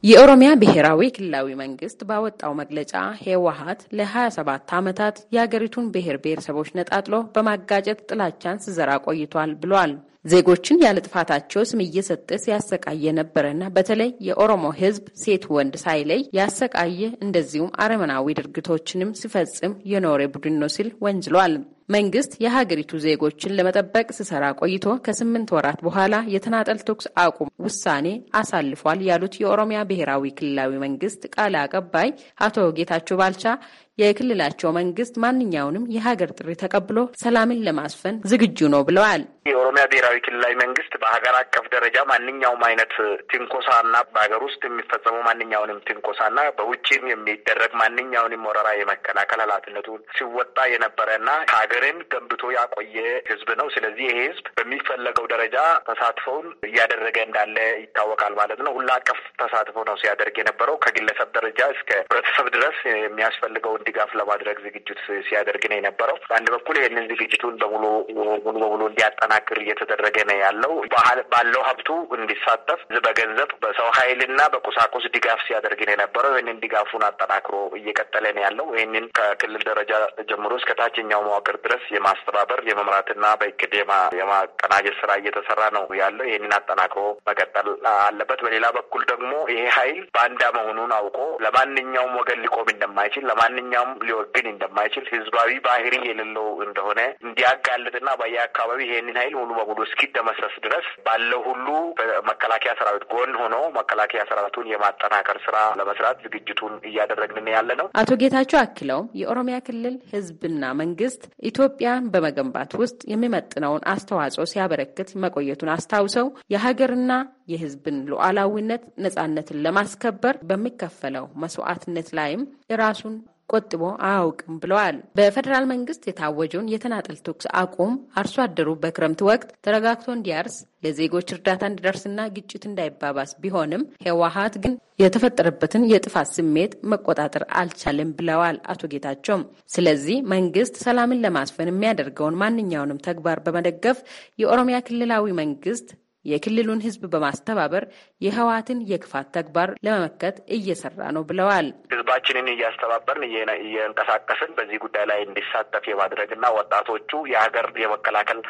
የኦሮሚያ ብሔራዊ ክልላዊ መንግስት ባወጣው መግለጫ ህወሀት ለ27 ዓመታት የሀገሪቱን ብሔር ብሔረሰቦች ነጣጥሎ በማጋጨት ጥላቻን ስዘራ ቆይቷል ብሏል። ዜጎችን ያለ ጥፋታቸው ስም እየሰጠ ሲያሰቃየ የነበረና በተለይ የኦሮሞ ህዝብ ሴት ወንድ ሳይለይ ያሰቃየ እንደዚሁም አረመናዊ ድርጊቶችንም ሲፈጽም የኖረ ቡድን ነው ሲል ወንጅሏል። መንግስት የሀገሪቱ ዜጎችን ለመጠበቅ ሲሰራ ቆይቶ ከስምንት ወራት በኋላ የተናጠል ተኩስ አቁም ውሳኔ አሳልፏል ያሉት የኦሮሚያ ብሔራዊ ክልላዊ መንግስት ቃል አቀባይ አቶ ጌታቸው ባልቻ የክልላቸው መንግስት ማንኛውንም የሀገር ጥሪ ተቀብሎ ሰላምን ለማስፈን ዝግጁ ነው ብለዋል። የኦሮሚያ ብሔራዊ ክልላዊ መንግስት በሀገር አቀፍ ደረጃ ማንኛውም አይነት ትንኮሳና በሀገር ውስጥ የሚፈጸሙ ማንኛውንም ትንኮሳና በውጭም የሚደረግ ማንኛውንም ወረራ የመከላከል ኃላፊነቱን ሲወጣ የነበረና ሀገርን ገንብቶ ያቆየ ህዝብ ነው። ስለዚህ ይህ ህዝብ በሚፈለገው ደረጃ ተሳትፎውን እያደረገ እንዳለ ይታወቃል ማለት ነው። ሁላ አቀፍ ተሳትፎ ነው ሲያደርግ የነበረው ከግለሰብ ደረጃ እስከ ህብረተሰብ ድረስ የሚያስፈልገውን ድጋፍ ለማድረግ ዝግጅት ሲያደርግ ነው የነበረው። በአንድ በኩል ይህንን ዝግጅቱን በሙሉ ሙሉ በሙሉ እንዲያጠናክር እየተደረገ ነው ያለው። ባለው ሀብቱ እንዲሳተፍ በገንዘብ በሰው ኃይልና በቁሳቁስ ድጋፍ ሲያደርግ ነው የነበረው። ይህንን ድጋፉን አጠናክሮ እየቀጠለ ነው ያለው። ይህንን ከክልል ደረጃ ጀምሮ እስከ ታችኛው መዋቅር ድረስ የማስተባበር የመምራትና በእቅድ የማቀናጀት ስራ እየተሰራ ነው ያለው። ይህንን አጠናክሮ መቀጠል አለበት። በሌላ በኩል ደግሞ ይሄ ኃይል ባንዳ መሆኑን አውቆ ለማንኛውም ወገን ሊቆም እንደማይችል ለማንኛውም ማንኛውም ሊወግን እንደማይችል ህዝባዊ ባህሪ የሌለው እንደሆነ እንዲያጋልጥና በየአካባቢ ይሄንን ሀይል ሙሉ በሙሉ እስኪደመሰስ ድረስ ባለው ሁሉ መከላከያ ሰራዊት ጎን ሆኖ መከላከያ ሰራዊቱን የማጠናከር ስራ ለመስራት ዝግጅቱን እያደረግን ያለ ነው። አቶ ጌታቸው አክለውም የኦሮሚያ ክልል ህዝብና መንግስት ኢትዮጵያን በመገንባት ውስጥ የሚመጥነውን አስተዋጽኦ ሲያበረክት መቆየቱን አስታውሰው የሀገርና የህዝብን ሉዓላዊነት ነጻነትን ለማስከበር በሚከፈለው መስዋዕትነት ላይም የራሱን ቆጥቦ አያውቅም ብለዋል። በፌዴራል መንግስት የታወጀውን የተናጠል ተኩስ አቁም አርሶ አደሩ በክረምት ወቅት ተረጋግቶ እንዲያርስ ለዜጎች እርዳታ እንዲደርስና ግጭት እንዳይባባስ ቢሆንም ህወሀት ግን የተፈጠረበትን የጥፋት ስሜት መቆጣጠር አልቻለም ብለዋል አቶ ጌታቸውም። ስለዚህ መንግስት ሰላምን ለማስፈን የሚያደርገውን ማንኛውንም ተግባር በመደገፍ የኦሮሚያ ክልላዊ መንግስት የክልሉን ህዝብ በማስተባበር የህወሓትን የክፋት ተግባር ለመመከት እየሰራ ነው ብለዋል። ህዝባችንን እያስተባበርን እየንቀሳቀስን በዚህ ጉዳይ ላይ እንዲሳተፍ የማድረግና ወጣቶቹ የሀገር የመከላከል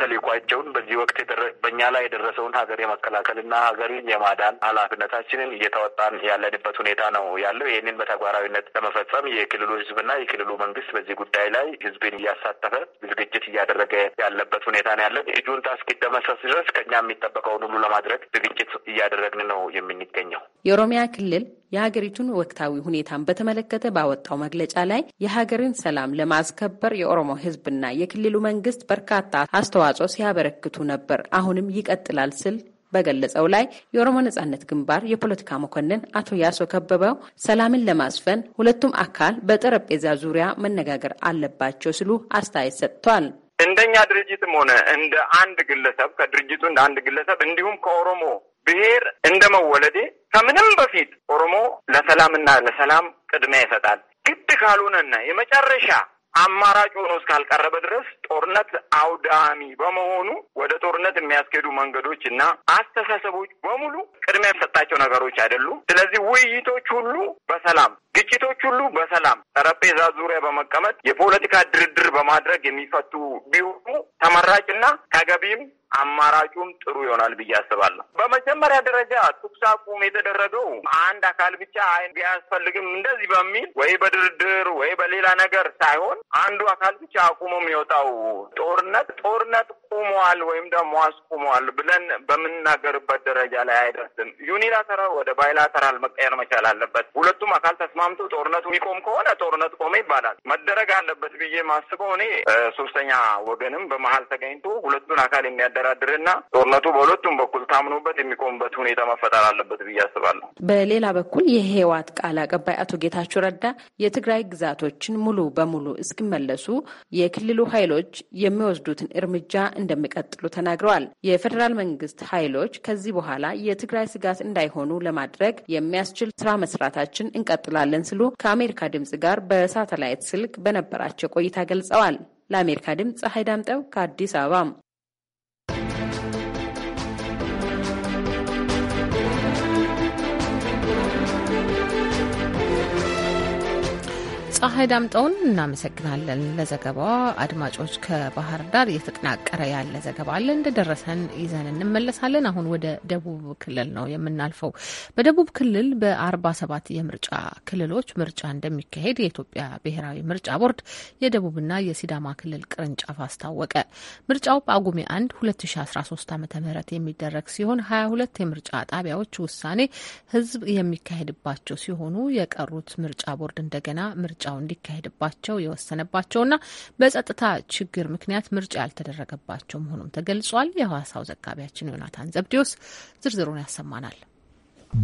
ተልዕኳቸውን በዚህ ወቅት በእኛ ላይ የደረሰውን ሀገር የመከላከልና ሀገርን የማዳን ኃላፊነታችንን እየተወጣን ያለንበት ሁኔታ ነው ያለው። ይህንን በተግባራዊነት ለመፈጸም የክልሉ ህዝብና የክልሉ መንግስት በዚህ ጉዳይ ላይ ህዝብን እያሳተፈ ዝግጅት እያደረገ ያለበት ሁኔታ ነው ያለን። ጁንታ እስኪደመሰስ ድረስ ከኛ የሚ የሚጠበቀውን ሁሉ ለማድረግ ዝግጅት እያደረግን ነው የምንገኘው። የኦሮሚያ ክልል የሀገሪቱን ወቅታዊ ሁኔታን በተመለከተ ባወጣው መግለጫ ላይ የሀገርን ሰላም ለማስከበር የኦሮሞ ሕዝብና የክልሉ መንግስት በርካታ አስተዋጽኦ ሲያበረክቱ ነበር፣ አሁንም ይቀጥላል ስል በገለጸው ላይ የኦሮሞ ነጻነት ግንባር የፖለቲካ መኮንን አቶ ያሶ ከበበው ሰላምን ለማስፈን ሁለቱም አካል በጠረጴዛ ዙሪያ መነጋገር አለባቸው ሲሉ አስተያየት ሰጥቷል። እንደኛ ድርጅትም ሆነ እንደ አንድ ግለሰብ ከድርጅቱ እንደ አንድ ግለሰብ እንዲሁም ከኦሮሞ ብሔር እንደ መወለዴ ከምንም በፊት ኦሮሞ ለሰላምና ለሰላም ቅድሚያ ይሰጣል። ግድ ካልሆነና የመጨረሻ አማራጭ ሆኖ እስካልቀረበ ድረስ ጦርነት አውዳሚ በመሆኑ ወደ ጦርነት የሚያስኬዱ መንገዶች እና አስተሳሰቦች በሙሉ ቅድሚያ የሚሰጣቸው ነገሮች አይደሉም። ስለዚህ ውይይቶች ሁሉ በሰላም ግጭቶች ሁሉ በሰላም ጠረጴዛ ዙሪያ በመቀመጥ የፖለቲካ ድርድር በማድረግ የሚፈቱ ቢሆኑ ተመራጭና ተገቢም አማራጩም ጥሩ ይሆናል ብዬ አስባለሁ። በመጀመሪያ ደረጃ ተኩስ አቁም የተደረገው አንድ አካል ብቻ አይን ቢያስፈልግም እንደዚህ በሚል ወይ በድርድር ወይ በሌላ ነገር ሳይሆን አንዱ አካል ብቻ አቁሞ የሚወጣው ጦርነት ጦርነት ቁመዋል ወይም ደግሞ አስቁመዋል ብለን በምንናገርበት ደረጃ ላይ አይደርስም። ዩኒላተራል ወደ ባይላተራል መቀየር መቻል አለበት። ሁለቱም አካል ተስማ ተስማምቶ ጦርነቱ የሚቆም ከሆነ ጦርነት ቆመ ይባላል። መደረግ አለበት ብዬ ማስበው እኔ ሶስተኛ ወገንም በመሀል ተገኝቶ ሁለቱን አካል የሚያደራድርና ጦርነቱ በሁለቱም በኩል ታምኖበት የሚቆምበት ሁኔታ መፈጠር አለበት ብዬ አስባለሁ። በሌላ በኩል የህወሓት ቃል አቀባይ አቶ ጌታቸው ረዳ የትግራይ ግዛቶችን ሙሉ በሙሉ እስኪመለሱ የክልሉ ኃይሎች የሚወስዱትን እርምጃ እንደሚቀጥሉ ተናግረዋል። የፌዴራል መንግስት ኃይሎች ከዚህ በኋላ የትግራይ ስጋት እንዳይሆኑ ለማድረግ የሚያስችል ስራ መስራታችን እንቀጥላለን እንሰራለን ስሉ ከአሜሪካ ድምጽ ጋር በሳተላይት ስልክ በነበራቸው ቆይታ ገልጸዋል። ለአሜሪካ ድምፅ ፀሐይ ዳምጠው ከአዲስ አበባ ፀሐይ ዳምጠውን እናመሰግናለን ለዘገባዋ። አድማጮች ከባህር ዳር እየተጠናቀረ ያለ ዘገባ አለ እንደደረሰን ይዘን እንመለሳለን። አሁን ወደ ደቡብ ክልል ነው የምናልፈው። በደቡብ ክልል በአርባ ሰባት የምርጫ ክልሎች ምርጫ እንደሚካሄድ የኢትዮጵያ ብሔራዊ ምርጫ ቦርድ የደቡብና የሲዳማ ክልል ቅርንጫፍ አስታወቀ። ምርጫው ጳጉሜ አንድ ሁለት ሺ አስራ ሶስት አመተ ምህረት የሚደረግ ሲሆን ሀያ ሁለት የምርጫ ጣቢያዎች ውሳኔ ህዝብ የሚካሄድባቸው ሲሆኑ የቀሩት ምርጫ ቦርድ እንደገና ምርጫ ምርጫው እንዲካሄድባቸው የወሰነባቸውና በጸጥታ ችግር ምክንያት ምርጫ ያልተደረገባቸው መሆኑም ተገልጿል። የሐዋሳው ዘጋቢያችን ዮናታን ዘብዲዮስ ዝርዝሩን ያሰማናል።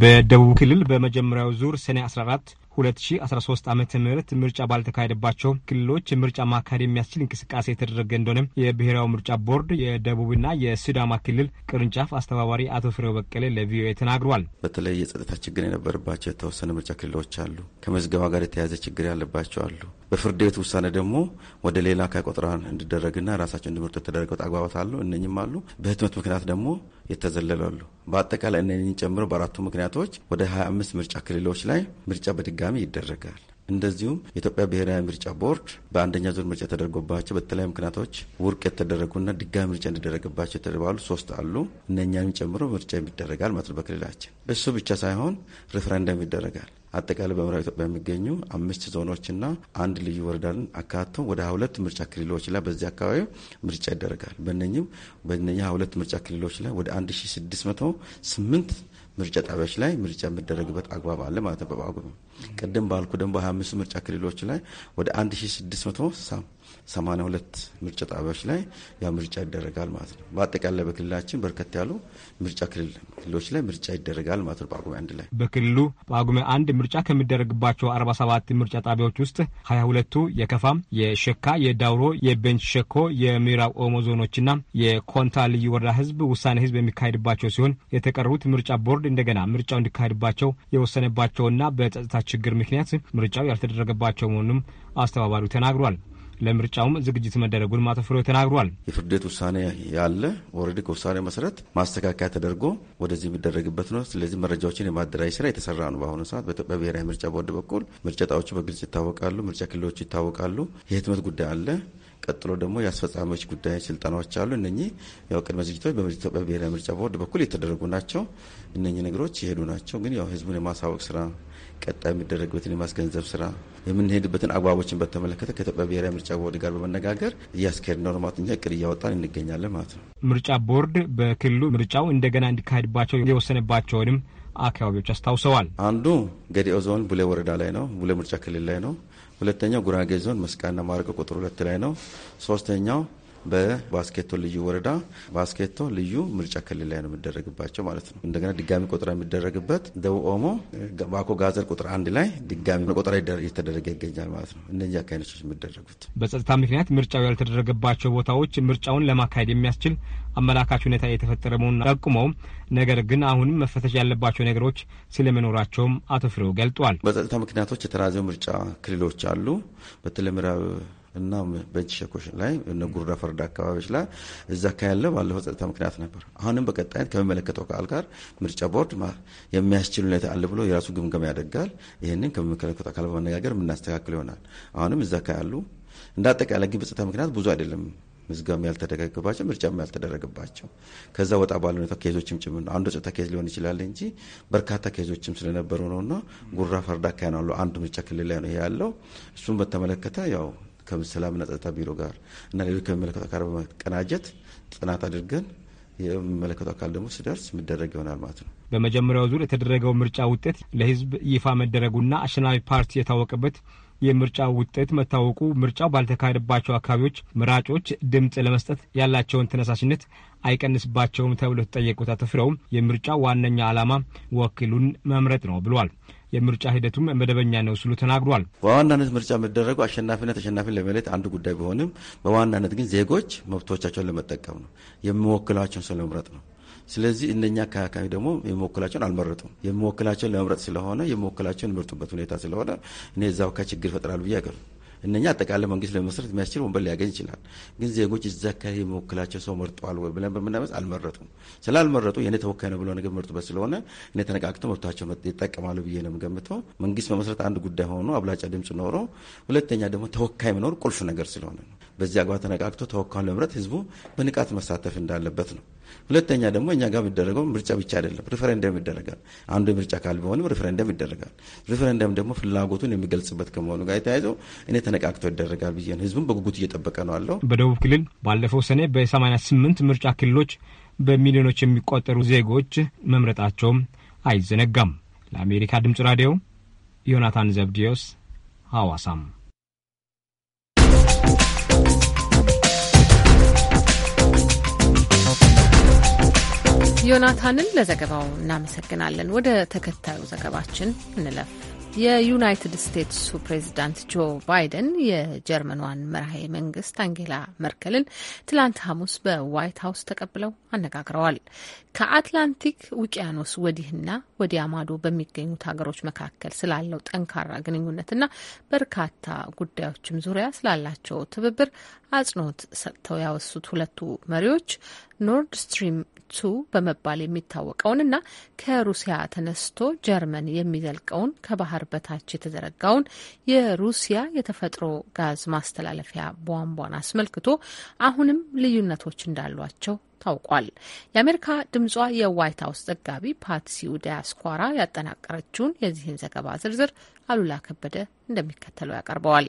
በደቡብ ክልል በመጀመሪያው ዙር ሰኔ 14 2013 ዓ ም ምርጫ ባልተካሄደባቸው ክልሎች ምርጫ ማካሄድ የሚያስችል እንቅስቃሴ የተደረገ እንደሆነም የብሔራዊ ምርጫ ቦርድ የደቡብና የሲዳማ ክልል ቅርንጫፍ አስተባባሪ አቶ ፍሬው በቀለ ለቪኦኤ ተናግሯል። በተለይ የጸጥታ ችግር የነበረባቸው የተወሰነ ምርጫ ክልሎች አሉ። ከመዝገባ ጋር የተያያዘ ችግር ያለባቸው አሉ። በፍርድ ቤት ውሳኔ ደግሞ ወደ ሌላ አካል ቆጠራ እንዲደረግና ራሳቸው እንዲመርጡ የተደረገበት አግባባት አሉ። እነኝም አሉ። በህትመት ምክንያት ደግሞ የተዘለላሉ። በአጠቃላይ እነኝን ጨምሮ በአራቱ ምክንያቶች ወደ 25 ምርጫ ክልሎች ላይ ምርጫ በድጋሚ ይደረጋል። እንደዚሁም የኢትዮጵያ ብሔራዊ ምርጫ ቦርድ በአንደኛ ዙር ምርጫ የተደርጎባቸው በተለያዩ ምክንያቶች ውድቅ የተደረጉና ድጋሚ ምርጫ እንደደረገባቸው የተባሉ ሶስት አሉ። እነኛንም ጨምሮ ምርጫ ይደረጋል ማለት ነው በክልላችን። እሱ ብቻ ሳይሆን ሬፈረንደም ይደረጋል። አጠቃላይ በምዕራብ ኢትዮጵያ የሚገኙ አምስት ዞኖችና አንድ ልዩ ወረዳን አካቶ ወደ ሀያ ሁለት ምርጫ ክልሎች ላይ በዚህ አካባቢ ምርጫ ይደረጋል። በነኝም በነኛ ሀያ ሁለት ምርጫ ክልሎች ላይ ወደ አንድ ሺ ስድስት መቶ ስምንት ምርጫ ጣቢያዎች ላይ ምርጫ የሚደረግበት አግባብ አለ ማለት ነው። በአግባብ ቅድም ባልኩ ደግሞ በሀያ አምስቱ ምርጫ ክልሎች ላይ ወደ አንድ ሺ ስድስት መቶ 82 ምርጫ ጣቢያዎች ላይ ያ ምርጫ ይደረጋል ማለት ነው። በአጠቃላይ በክልላችን በርከት ያሉ ምርጫ ክልሎች ላይ ምርጫ ይደረጋል ማለት ነው። ጳጉሜ አንድ ላይ በክልሉ ጳጉሜ አንድ ምርጫ ከሚደረግባቸው 47 ምርጫ ጣቢያዎች ውስጥ 22ቱ የከፋም፣ የሸካ፣ የዳውሮ፣ የቤንች ሸኮ፣ የምዕራብ ኦሞ ዞኖችና የኮንታ ልዩ ወረዳ ህዝብ ውሳኔ ህዝብ የሚካሄድባቸው ሲሆን የተቀረሩት ምርጫ ቦርድ እንደገና ምርጫው እንዲካሄድባቸው የወሰነባቸውና በጸጥታ ችግር ምክንያት ምርጫው ያልተደረገባቸው መሆኑንም አስተባባሪው ተናግሯል። ለምርጫውም ዝግጅት መደረጉን ማተፍሮ ተናግሯል። የፍርድ ቤት ውሳኔ ያለ ወረድ ከውሳኔ መሰረት ማስተካከያ ተደርጎ ወደዚህ የሚደረግበት ነው። ስለዚህ መረጃዎችን የማደራጅ ስራ የተሰራ ነው። በአሁኑ ሰዓት በብሔራዊ ምርጫ ቦርድ በኩል ምርጫ ጣዎቹ በግልጽ ይታወቃሉ። ምርጫ ክልሎቹ ይታወቃሉ። የህትመት ጉዳይ አለ። ቀጥሎ ደግሞ የአስፈጻሚዎች ጉዳይ ስልጠናዎች አሉ። እነኚህ ያው ቅድመ ዝግጅቶች በኢትዮጵያ ብሔራዊ ምርጫ ቦርድ በኩል የተደረጉ ናቸው። እነኚህ ነገሮች የሄዱ ናቸው። ግን ያው ህዝቡን የማሳወቅ ስራ ቀጣይ የሚደረግበትን የማስገንዘብ ስራ የምንሄድበትን አግባቦችን በተመለከተ ከኢትዮጵያ ብሔራዊ ምርጫ ቦርድ ጋር በመነጋገር እያስካሄድ ነው ማለት እኛ እቅድ እያወጣን እንገኛለን ማለት ነው። ምርጫ ቦርድ በክልሉ ምርጫው እንደገና እንዲካሄድባቸው የወሰነባቸውንም አካባቢዎች አስታውሰዋል። አንዱ ገዲኦ ዞን ቡሌ ወረዳ ላይ ነው፣ ቡሌ ምርጫ ክልል ላይ ነው። ሁለተኛው ጉራጌ ዞን መስቃና ማርቀ ቁጥር ሁለት ላይ ነው። ሶስተኛው በባስኬቶ ልዩ ወረዳ ባስኬቶ ልዩ ምርጫ ክልል ላይ ነው የሚደረግባቸው ማለት ነው። እንደገና ድጋሚ ቆጠራ የሚደረግበት ደቡብ ኦሞ ባኮ ጋዘር ቁጥር አንድ ላይ ድጋሚ ቆጠራ እየተደረገ ይገኛል ማለት ነው። እነዚህ አካሄዶች የሚደረጉት በጸጥታ ምክንያት ምርጫው ያልተደረገባቸው ቦታዎች ምርጫውን ለማካሄድ የሚያስችል አመላካች ሁኔታ የተፈጠረ መሆኑን ጠቁመው፣ ነገር ግን አሁንም መፈተሽ ያለባቸው ነገሮች ስለመኖራቸውም አቶ ፍሬው ገልጧል። በጸጥታ ምክንያቶች የተራዘው ምርጫ ክልሎች አሉ። በተለይ ምዕራብ እና በእጅ ሸኮሽ ላይ እነ ጉራ ፈርዳ አካባቢዎች ላይ እዛ ካያለ ባለፈው ጸጥታ ምክንያት ነበር። አሁንም በቀጣይነት ከሚመለከተው አካል ጋር ምርጫ ቦርድ የሚያስችል ሁኔታ አለ ብሎ የራሱ ግምገማ ያደርጋል። ይህንን ከሚመለከተው አካል በመነጋገር የምናስተካክል ይሆናል። አሁንም እዛ ካያሉ እንደ አጠቃላይ ግን በጸጥታ ምክንያት ብዙ አይደለም ምዝጋም ያልተደረገባቸው ምርጫም ያልተደረገባቸው ከዛ ወጣ ባለ ሁኔታ ኬዞችም ጭምር ነው። አንዱ ጸጥታ ኬዝ ሊሆን ይችላል እንጂ በርካታ ኬዞችም ስለነበሩ ነው። ነውና ጉራ ፈርዳ ካያ ነው አንዱ ምርጫ ክልል ላይ ነው ይሄ ያለው። እሱም በተመለከተ ያው ከሰላምና ጸጥታ ቢሮ ጋር እና ሌሎች ከሚመለከቱ አካል በመቀናጀት ጥናት አድርገን የሚመለከቱ አካል ደግሞ ሲደርስ የሚደረግ ይሆናል ማለት ነው። በመጀመሪያው ዙር የተደረገው ምርጫ ውጤት ለሕዝብ ይፋ መደረጉና አሸናፊ ፓርቲ የታወቀበት የምርጫ ውጤት መታወቁ ምርጫው ባልተካሄደባቸው አካባቢዎች መራጮች ድምፅ ለመስጠት ያላቸውን ተነሳሽነት አይቀንስባቸውም ተብሎ ተጠየቁት አቶ የምርጫው ዋነኛ ዓላማ ወኪሉን መምረጥ ነው ብሏል። የምርጫ ሂደቱም መደበኛ ነው ሲሉ ተናግሯል። በዋናነት ምርጫ የሚደረገው አሸናፊና ተሸናፊን ለመለየት አንዱ ጉዳይ ቢሆንም በዋናነት ግን ዜጎች መብቶቻቸውን ለመጠቀም ነው፣ የሚወክላቸውን ሰው ለመምረጥ ነው። ስለዚህ እነኛ አካባቢ ደግሞ የሚወክላቸውን አልመረጡም። የሚወክላቸውን ለመምረጥ ስለሆነ የሚወክላቸውን የሚመርጡበት ሁኔታ ስለሆነ እኔ እዛው ከችግር ይፈጥራል ብዬ አይገርም እነኛ አጠቃላይ መንግስት ለመስረት የሚያስችል ወንበር ሊያገኝ ይችላል። ግን ዜጎች እዚያ አካባቢ የሚወክላቸው ሰው መርጠዋል ወይ ብለን በምናመፅ አልመረጡም። ስላልመረጡ የእኔ ተወካይ ነው ብሎ ነገር መርጡበት ስለሆነ እኔ ተነቃቅተው መብታቸውን ይጠቀማሉ ብዬ ነው የምገምተው። መንግስት መመስረት አንድ ጉዳይ ሆኖ አብላጫ ድምፅ ኖሮ፣ ሁለተኛ ደግሞ ተወካይ መኖር ቁልፍ ነገር ስለሆነ ነው። በዚህ አግባ ተነቃቅቶ ተወካዩን ለመምረጥ ህዝቡ በንቃት መሳተፍ እንዳለበት ነው ሁለተኛ ደግሞ እኛ ጋር የሚደረገው ምርጫ ብቻ አይደለም፣ ሪፈረንደም ይደረጋል። አንዱ የምርጫ አካል ቢሆንም ሪፈረንደም ይደረጋል። ሪፈረንደም ደግሞ ፍላጎቱን የሚገልጽበት ከመሆኑ ጋር የተያይዘው እኔ ተነቃቅቶ ይደረጋል ብዬ ነው። ህዝቡም በጉጉት እየጠበቀ ነው አለው። በደቡብ ክልል ባለፈው ሰኔ በ88 ምርጫ ክልሎች በሚሊዮኖች የሚቆጠሩ ዜጎች መምረጣቸውም አይዘነጋም። ለአሜሪካ ድምጽ ራዲዮ ዮናታን ዘብዲዮስ ሐዋሳም ዮናታንን ለዘገባው እናመሰግናለን። ወደ ተከታዩ ዘገባችን እንለፍ። የዩናይትድ ስቴትሱ ፕሬዚዳንት ጆ ባይደን የጀርመኗን መራሄ መንግስት አንጌላ መርከልን ትላንት ሐሙስ በዋይት ሀውስ ተቀብለው አነጋግረዋል። ከአትላንቲክ ውቅያኖስ ወዲህና ወዲያ ማዶ በሚገኙት ሀገሮች መካከል ስላለው ጠንካራ ግንኙነትና በርካታ ጉዳዮችም ዙሪያ ስላላቸው ትብብር አጽንኦት ሰጥተው ያወሱት ሁለቱ መሪዎች ኖርድ ስትሪም ቱ በመባል የሚታወቀውንና ከሩሲያ ተነስቶ ጀርመን የሚዘልቀውን ከባህር በታች የተዘረጋውን የሩሲያ የተፈጥሮ ጋዝ ማስተላለፊያ ቧንቧን አስመልክቶ አሁንም ልዩነቶች እንዳሏቸው ታውቋል። የአሜሪካ ድምጿ የዋይት ሀውስ ዘጋቢ ፓትሲው ዳያስኳራ ያጠናቀረችውን የዚህን ዘገባ ዝርዝር አሉላ ከበደ እንደሚከተለው ያቀርበዋል።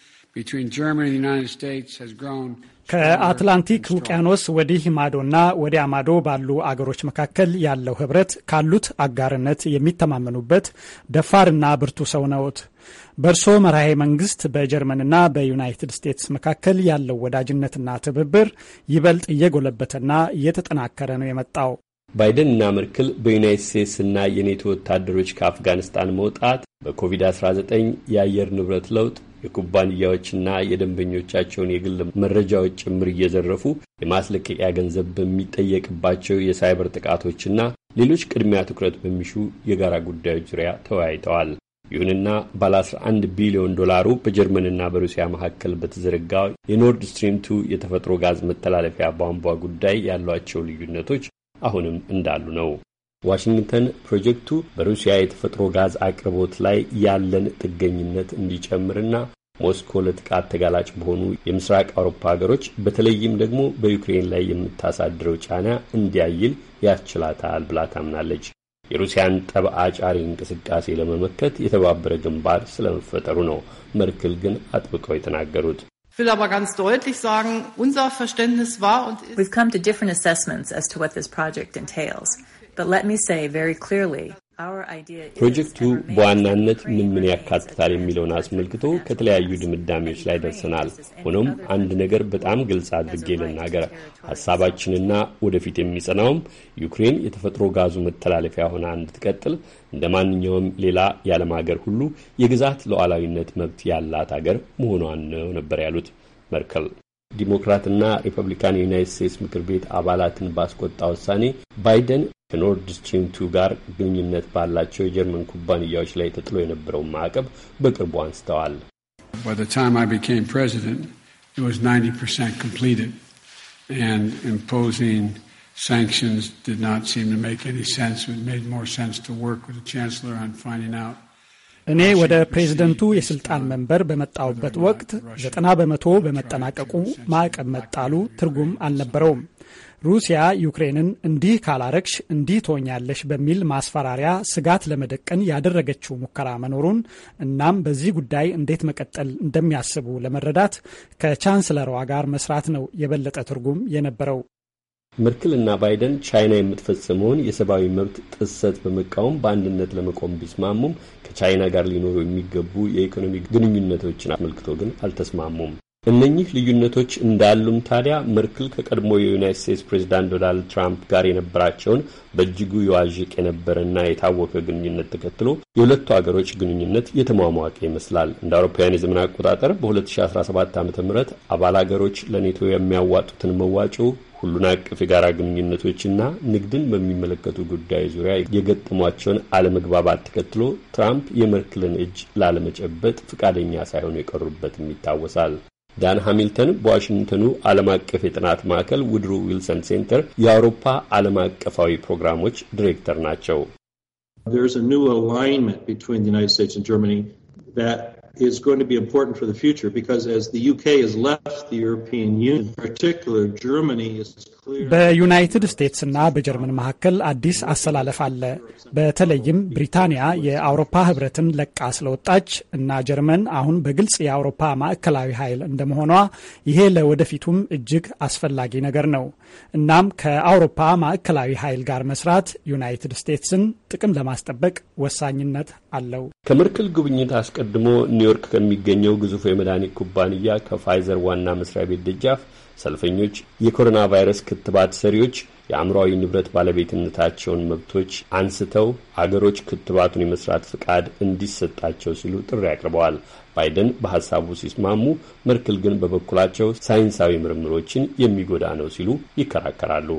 ከአትላንቲክ ውቅያኖስ ወዲህ ማዶና ወዲያ ማዶ ባሉ አገሮች መካከል ያለው ህብረት ካሉት አጋርነት የሚተማመኑበት ደፋርና ብርቱ ሰው ነዎት። በእርሶ መራሄ መንግስት በጀርመንና በዩናይትድ ስቴትስ መካከል ያለው ወዳጅነትና ትብብር ይበልጥ እየጎለበተና እየተጠናከረ ነው የመጣው። ባይደንና መርክል በዩናይት እና የኔቶ ወታደሮች ከአፍጋኒስታን መውጣት፣ በኮቪድ-19 የአየር ንብረት ለውጥ፣ የኩባንያዎችና የደንበኞቻቸውን የግል መረጃዎች ጭምር እየዘረፉ የማስለቀቂያ ገንዘብ በሚጠየቅባቸው የሳይበር ጥቃቶችና ሌሎች ቅድሚያ ትኩረት በሚሹ የጋራ ጉዳዮች ዙሪያ ተወያይተዋል። ይሁንና ባለ 11 ቢሊዮን ዶላሩ በጀርመንና በሩሲያ መካከል በተዘረጋው የኖርድ ስትሪም ቱ የተፈጥሮ ጋዝ መተላለፊያ ቧንቧ ጉዳይ ያሏቸው ልዩነቶች አሁንም እንዳሉ ነው። ዋሽንግተን ፕሮጀክቱ በሩሲያ የተፈጥሮ ጋዝ አቅርቦት ላይ ያለን ጥገኝነት እንዲጨምርና ሞስኮ ለጥቃት ተጋላጭ በሆኑ የምስራቅ አውሮፓ ሀገሮች በተለይም ደግሞ በዩክሬን ላይ የምታሳድረው ጫና እንዲያይል ያስችላታል ብላ ታምናለች። የሩሲያን ጠብ አጫሪ እንቅስቃሴ ለመመከት የተባበረ ግንባር ስለመፈጠሩ ነው መርክል ግን አጥብቀው የተናገሩት። Ich will aber ganz deutlich sagen, unser Verständnis war und ist We've come to different assessments as to what this project entails, but let me say very clearly ፕሮጀክቱ በዋናነት ምን ምን ያካትታል የሚለውን አስመልክቶ ከተለያዩ ድምዳሜዎች ላይ ደርሰናል። ሆኖም አንድ ነገር በጣም ግልጽ አድርጌ ልናገር፣ ሀሳባችንና ወደፊት የሚጸናውም ዩክሬን የተፈጥሮ ጋዙ መተላለፊያ ሆና እንድትቀጥል እንደ ማንኛውም ሌላ የዓለም ሀገር ሁሉ የግዛት ሉዓላዊነት መብት ያላት ሀገር መሆኗን ነው ነበር ያሉት መርከል ዲሞክራትና ሪፐብሊካን የዩናይትድ ስቴትስ ምክር ቤት አባላትን ባስቆጣ ውሳኔ ባይደን ከኖርድ ስትሪም ቱ ጋር ግንኙነት ባላቸው የጀርመን ኩባንያዎች ላይ ተጥሎ የነበረውን ማዕቀብ በቅርቡ አንስተዋል። sanctions did not seem to make any sense. It made more sense to work with the chancellor on finding out እኔ ወደ ፕሬዝደንቱ የስልጣን መንበር በመጣሁበት ወቅት ዘጠና በመቶ በመጠናቀቁ ማዕቀብ መጣሉ ትርጉም አልነበረውም። ሩሲያ ዩክሬንን እንዲህ ካላረግሽ እንዲህ ትሆኛለሽ በሚል ማስፈራሪያ ስጋት ለመደቀን ያደረገችው ሙከራ መኖሩን እናም በዚህ ጉዳይ እንዴት መቀጠል እንደሚያስቡ ለመረዳት ከቻንስለሯ ጋር መስራት ነው የበለጠ ትርጉም የነበረው። እና ባይደን ቻይና የምትፈጽመውን የሰብአዊ መብት ጥሰት በመቃወም በአንድነት ለመቆም ቢስማሙም ከቻይና ጋር ሊኖሩ የሚገቡ የኢኮኖሚ ግንኙነቶችን አስመልክቶ ግን አልተስማሙም። እነኚህ ልዩነቶች እንዳሉም ታዲያ መርክል ከቀድሞ የዩናይት ስቴትስ ፕሬዚዳንት ዶናልድ ትራምፕ ጋር የነበራቸውን በእጅጉ የዋዥቅ የነበረና የታወቀ ግንኙነት ተከትሎ የሁለቱ አገሮች ግንኙነት የተሟሟቀ ይመስላል። እንደ አውሮፓውያን የዘመን አቆጣጠር በ2017 ዓ ም አባል አገሮች ለኔቶ የሚያዋጡትን መዋጮ ሁሉን አቀፍ የጋራ ግንኙነቶችና ንግድን በሚመለከቱ ጉዳይ ዙሪያ የገጠሟቸውን አለመግባባት ተከትሎ ትራምፕ የመርክልን እጅ ላለመጨበጥ ፈቃደኛ ሳይሆኑ የቀሩበትም ይታወሳል። ዳን ሃሚልተን በዋሽንግተኑ ዓለም አቀፍ የጥናት ማዕከል ውድሩ ዊልሰን ሴንተር የአውሮፓ ዓለም አቀፋዊ ፕሮግራሞች ዲሬክተር ናቸው። is going to be important for the future because as the UK has left the European Union, particular Germany is በዩናይትድ ስቴትስ ስቴትስና በጀርመን መካከል አዲስ አሰላለፍ አለ። በተለይም ብሪታንያ የአውሮፓ ህብረትን ለቃ ስለወጣች እና ጀርመን አሁን በግልጽ የአውሮፓ ማዕከላዊ ኃይል እንደመሆኗ ይሄ ለወደፊቱም እጅግ አስፈላጊ ነገር ነው። እናም ከአውሮፓ ማዕከላዊ ኃይል ጋር መስራት ዩናይትድ ስቴትስን ጥቅም ለማስጠበቅ ወሳኝነት አለው። ከመርክል ጉብኝት አስቀድሞ ኒውዮርክ ከሚገኘው ግዙፍ የመድኃኒት ኩባንያ ከፋይዘር ዋና መስሪያ ቤት ደጃፍ ሰልፈኞች የኮሮና ቫይረስ ክትባት ሰሪዎች የአእምሯዊ ንብረት ባለቤትነታቸውን መብቶች አንስተው አገሮች ክትባቱን የመስራት ፍቃድ እንዲሰጣቸው ሲሉ ጥሪ አቅርበዋል። ባይደን በሀሳቡ ሲስማሙ፣ መርክል ግን በበኩላቸው ሳይንሳዊ ምርምሮችን የሚጎዳ ነው ሲሉ ይከራከራሉ።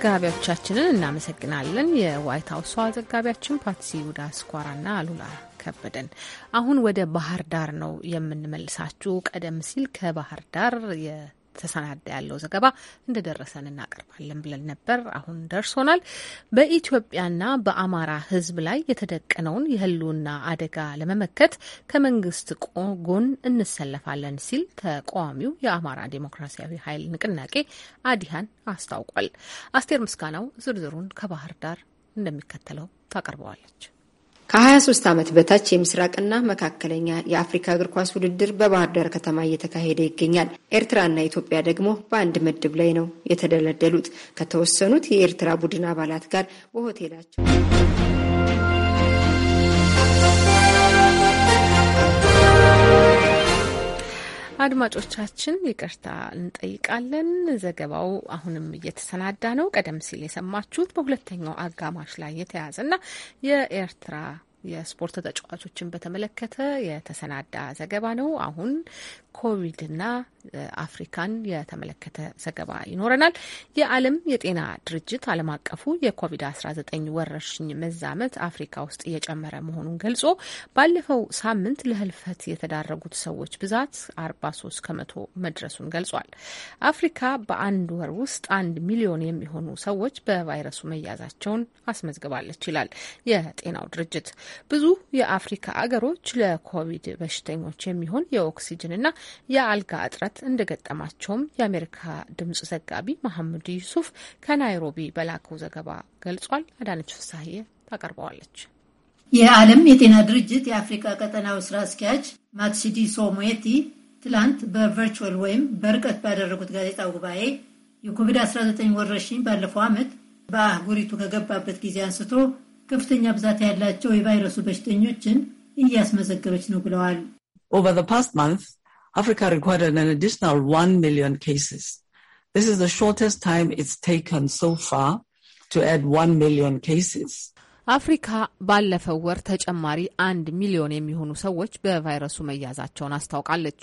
ዘጋቢዎቻችንን እናመሰግናለን። የዋይት ሀውሷ ዘጋቢያችን ፓትሲ ውዳ ስኳራና አሉላ ከበደን። አሁን ወደ ባህር ዳር ነው የምንመልሳችሁ። ቀደም ሲል ከባህር ዳር ተሰናዳ ያለው ዘገባ እንደደረሰን እናቀርባለን ብለን ነበር። አሁን ደርሶናል። በኢትዮጵያና በአማራ ሕዝብ ላይ የተደቀነውን የህልውና አደጋ ለመመከት ከመንግስት ጎን እንሰለፋለን ሲል ተቃዋሚው የአማራ ዴሞክራሲያዊ ኃይል ንቅናቄ አዲሃን አስታውቋል። አስቴር ምስጋናው ዝርዝሩን ከባህር ዳር እንደሚከተለው ታቀርበዋለች። ከ23 ዓመት በታች የምስራቅና መካከለኛ የአፍሪካ እግር ኳስ ውድድር በባህር ዳር ከተማ እየተካሄደ ይገኛል። ኤርትራና ኢትዮጵያ ደግሞ በአንድ ምድብ ላይ ነው የተደለደሉት ከተወሰኑት የኤርትራ ቡድን አባላት ጋር በሆቴላቸው አድማጮቻችን ይቅርታ እንጠይቃለን። ዘገባው አሁንም እየተሰናዳ ነው። ቀደም ሲል የሰማችሁት በሁለተኛው አጋማሽ ላይ የተያዘና የኤርትራ የስፖርት ተጫዋቾችን በተመለከተ የተሰናዳ ዘገባ ነው። አሁን ኮቪድና አፍሪካን የተመለከተ ዘገባ ይኖረናል። የዓለም የጤና ድርጅት ዓለም አቀፉ የኮቪድ-19 ወረርሽኝ መዛመት አፍሪካ ውስጥ እየጨመረ መሆኑን ገልጾ ባለፈው ሳምንት ለህልፈት የተዳረጉት ሰዎች ብዛት 43 ከመቶ መድረሱን ገልጿል። አፍሪካ በአንድ ወር ውስጥ አንድ ሚሊዮን የሚሆኑ ሰዎች በቫይረሱ መያዛቸውን አስመዝግባለች ይላል የጤናው ድርጅት። ብዙ የአፍሪካ አገሮች ለኮቪድ በሽተኞች የሚሆን ና። የአልጋ እጥረት እንደገጠማቸውም የአሜሪካ ድምጽ ዘጋቢ መሐመድ ዩሱፍ ከናይሮቢ በላከው ዘገባ ገልጿል። አዳነች ፍሳሄ ታቀርበዋለች። የዓለም የጤና ድርጅት የአፍሪካ ቀጠናዊ ስራ አስኪያጅ ማትሺዲሶ ሶሞቲ ትላንት በቨርቹዋል ወይም በርቀት ባደረጉት ጋዜጣ ጉባኤ የኮቪድ-19 ወረርሽኝ ባለፈው ዓመት በአህጉሪቱ ከገባበት ጊዜ አንስቶ ከፍተኛ ብዛት ያላቸው የቫይረሱ በሽተኞችን እያስመዘገበች ነው ብለዋል። Over the past month, Africa recorded an additional 1 million cases. This is the shortest time it's taken so far to add 1 million cases. አፍሪካ ባለፈው ወር ተጨማሪ አንድ ሚሊዮን የሚሆኑ ሰዎች በቫይረሱ መያዛቸውን አስታውቃለች።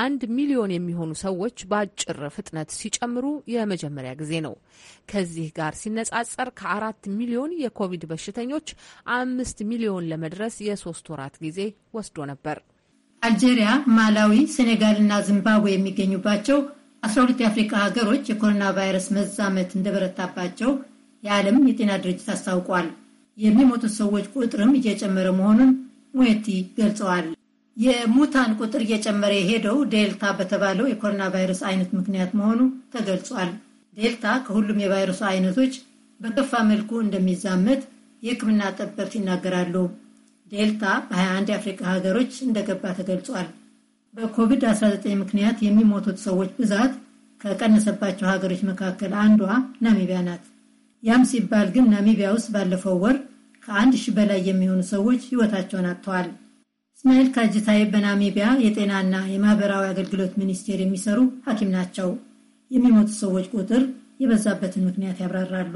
አንድ ሚሊዮን የሚሆኑ ሰዎች በአጭር ፍጥነት ሲጨምሩ የመጀመሪያ ጊዜ ነው። ከዚህ ጋር ሲነጻጸር ከአራት ሚሊዮን የኮቪድ በሽተኞች አምስት ሚሊዮን ለመድረስ የሶስት ወራት ጊዜ ወስዶ ነበር። አልጄሪያ፣ ማላዊ፣ ሴኔጋል እና ዚምባብዌ የሚገኙባቸው 12 የአፍሪካ ሀገሮች የኮሮና ቫይረስ መዛመት እንደበረታባቸው የዓለም የጤና ድርጅት አስታውቋል። የሚሞቱት ሰዎች ቁጥርም እየጨመረ መሆኑን ሙየቲ ገልጸዋል። የሙታን ቁጥር እየጨመረ የሄደው ዴልታ በተባለው የኮሮና ቫይረስ አይነት ምክንያት መሆኑ ተገልጿል። ዴልታ ከሁሉም የቫይረሱ አይነቶች በከፋ መልኩ እንደሚዛመት የሕክምና ጠበብት ይናገራሉ። ዴልታ በ21 የአፍሪካ ሀገሮች እንደገባ ተገልጿል። በኮቪድ-19 ምክንያት የሚሞቱት ሰዎች ብዛት ከቀነሰባቸው ሀገሮች መካከል አንዷ ናሚቢያ ናት። ያም ሲባል ግን ናሚቢያ ውስጥ ባለፈው ወር ከአንድ ሺህ በላይ የሚሆኑ ሰዎች ሕይወታቸውን አጥተዋል። እስማኤል ካጅታይ በናሚቢያ የጤናና የማህበራዊ አገልግሎት ሚኒስቴር የሚሰሩ ሐኪም ናቸው። የሚሞቱ ሰዎች ቁጥር የበዛበትን ምክንያት ያብራራሉ።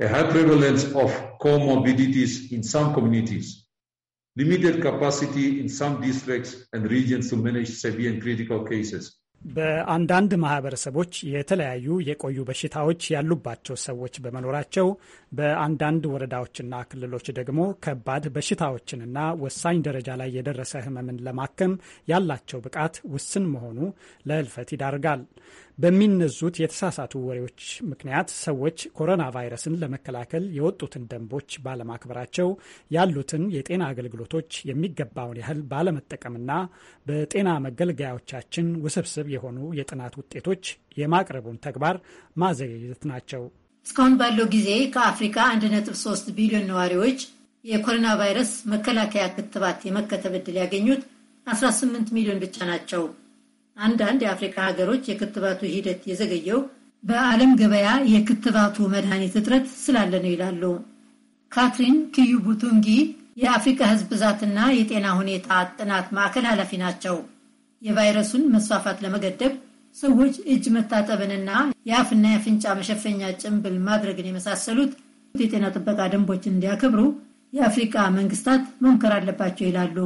a high prevalence of comorbidities in some communities, limited capacity in some districts and regions to manage severe and critical cases. በአንዳንድ ማህበረሰቦች የተለያዩ የቆዩ በሽታዎች ያሉባቸው ሰዎች በመኖራቸው በአንዳንድ ወረዳዎችና ክልሎች ደግሞ ከባድ በሽታዎችንና ወሳኝ ደረጃ ላይ የደረሰ ሕመምን ለማከም ያላቸው ብቃት ውስን መሆኑ ለህልፈት ይዳርጋል። በሚነዙት የተሳሳቱ ወሬዎች ምክንያት ሰዎች ኮሮና ቫይረስን ለመከላከል የወጡትን ደንቦች ባለማክበራቸው ያሉትን የጤና አገልግሎቶች የሚገባውን ያህል ባለመጠቀምና በጤና መገልገያዎቻችን ውስብስብ የሆኑ የጥናት ውጤቶች የማቅረቡን ተግባር ማዘግየት ናቸው። እስካሁን ባለው ጊዜ ከአፍሪካ 1.3 ቢሊዮን ነዋሪዎች የኮሮና ቫይረስ መከላከያ ክትባት የመከተብ ዕድል ያገኙት 18 ሚሊዮን ብቻ ናቸው። አንዳንድ የአፍሪካ ሀገሮች የክትባቱ ሂደት የዘገየው በዓለም ገበያ የክትባቱ መድኃኒት እጥረት ስላለ ነው ይላሉ። ካትሪን ኪዩቡቱንጊ የአፍሪካ ሕዝብ ብዛትና የጤና ሁኔታ ጥናት ማዕከል ኃላፊ ናቸው። የቫይረሱን መስፋፋት ለመገደብ ሰዎች እጅ መታጠብንና የአፍና የአፍንጫ መሸፈኛ ጭንብል ማድረግን የመሳሰሉት የጤና ጥበቃ ደንቦችን እንዲያከብሩ የአፍሪካ መንግስታት መምከር አለባቸው ይላሉ።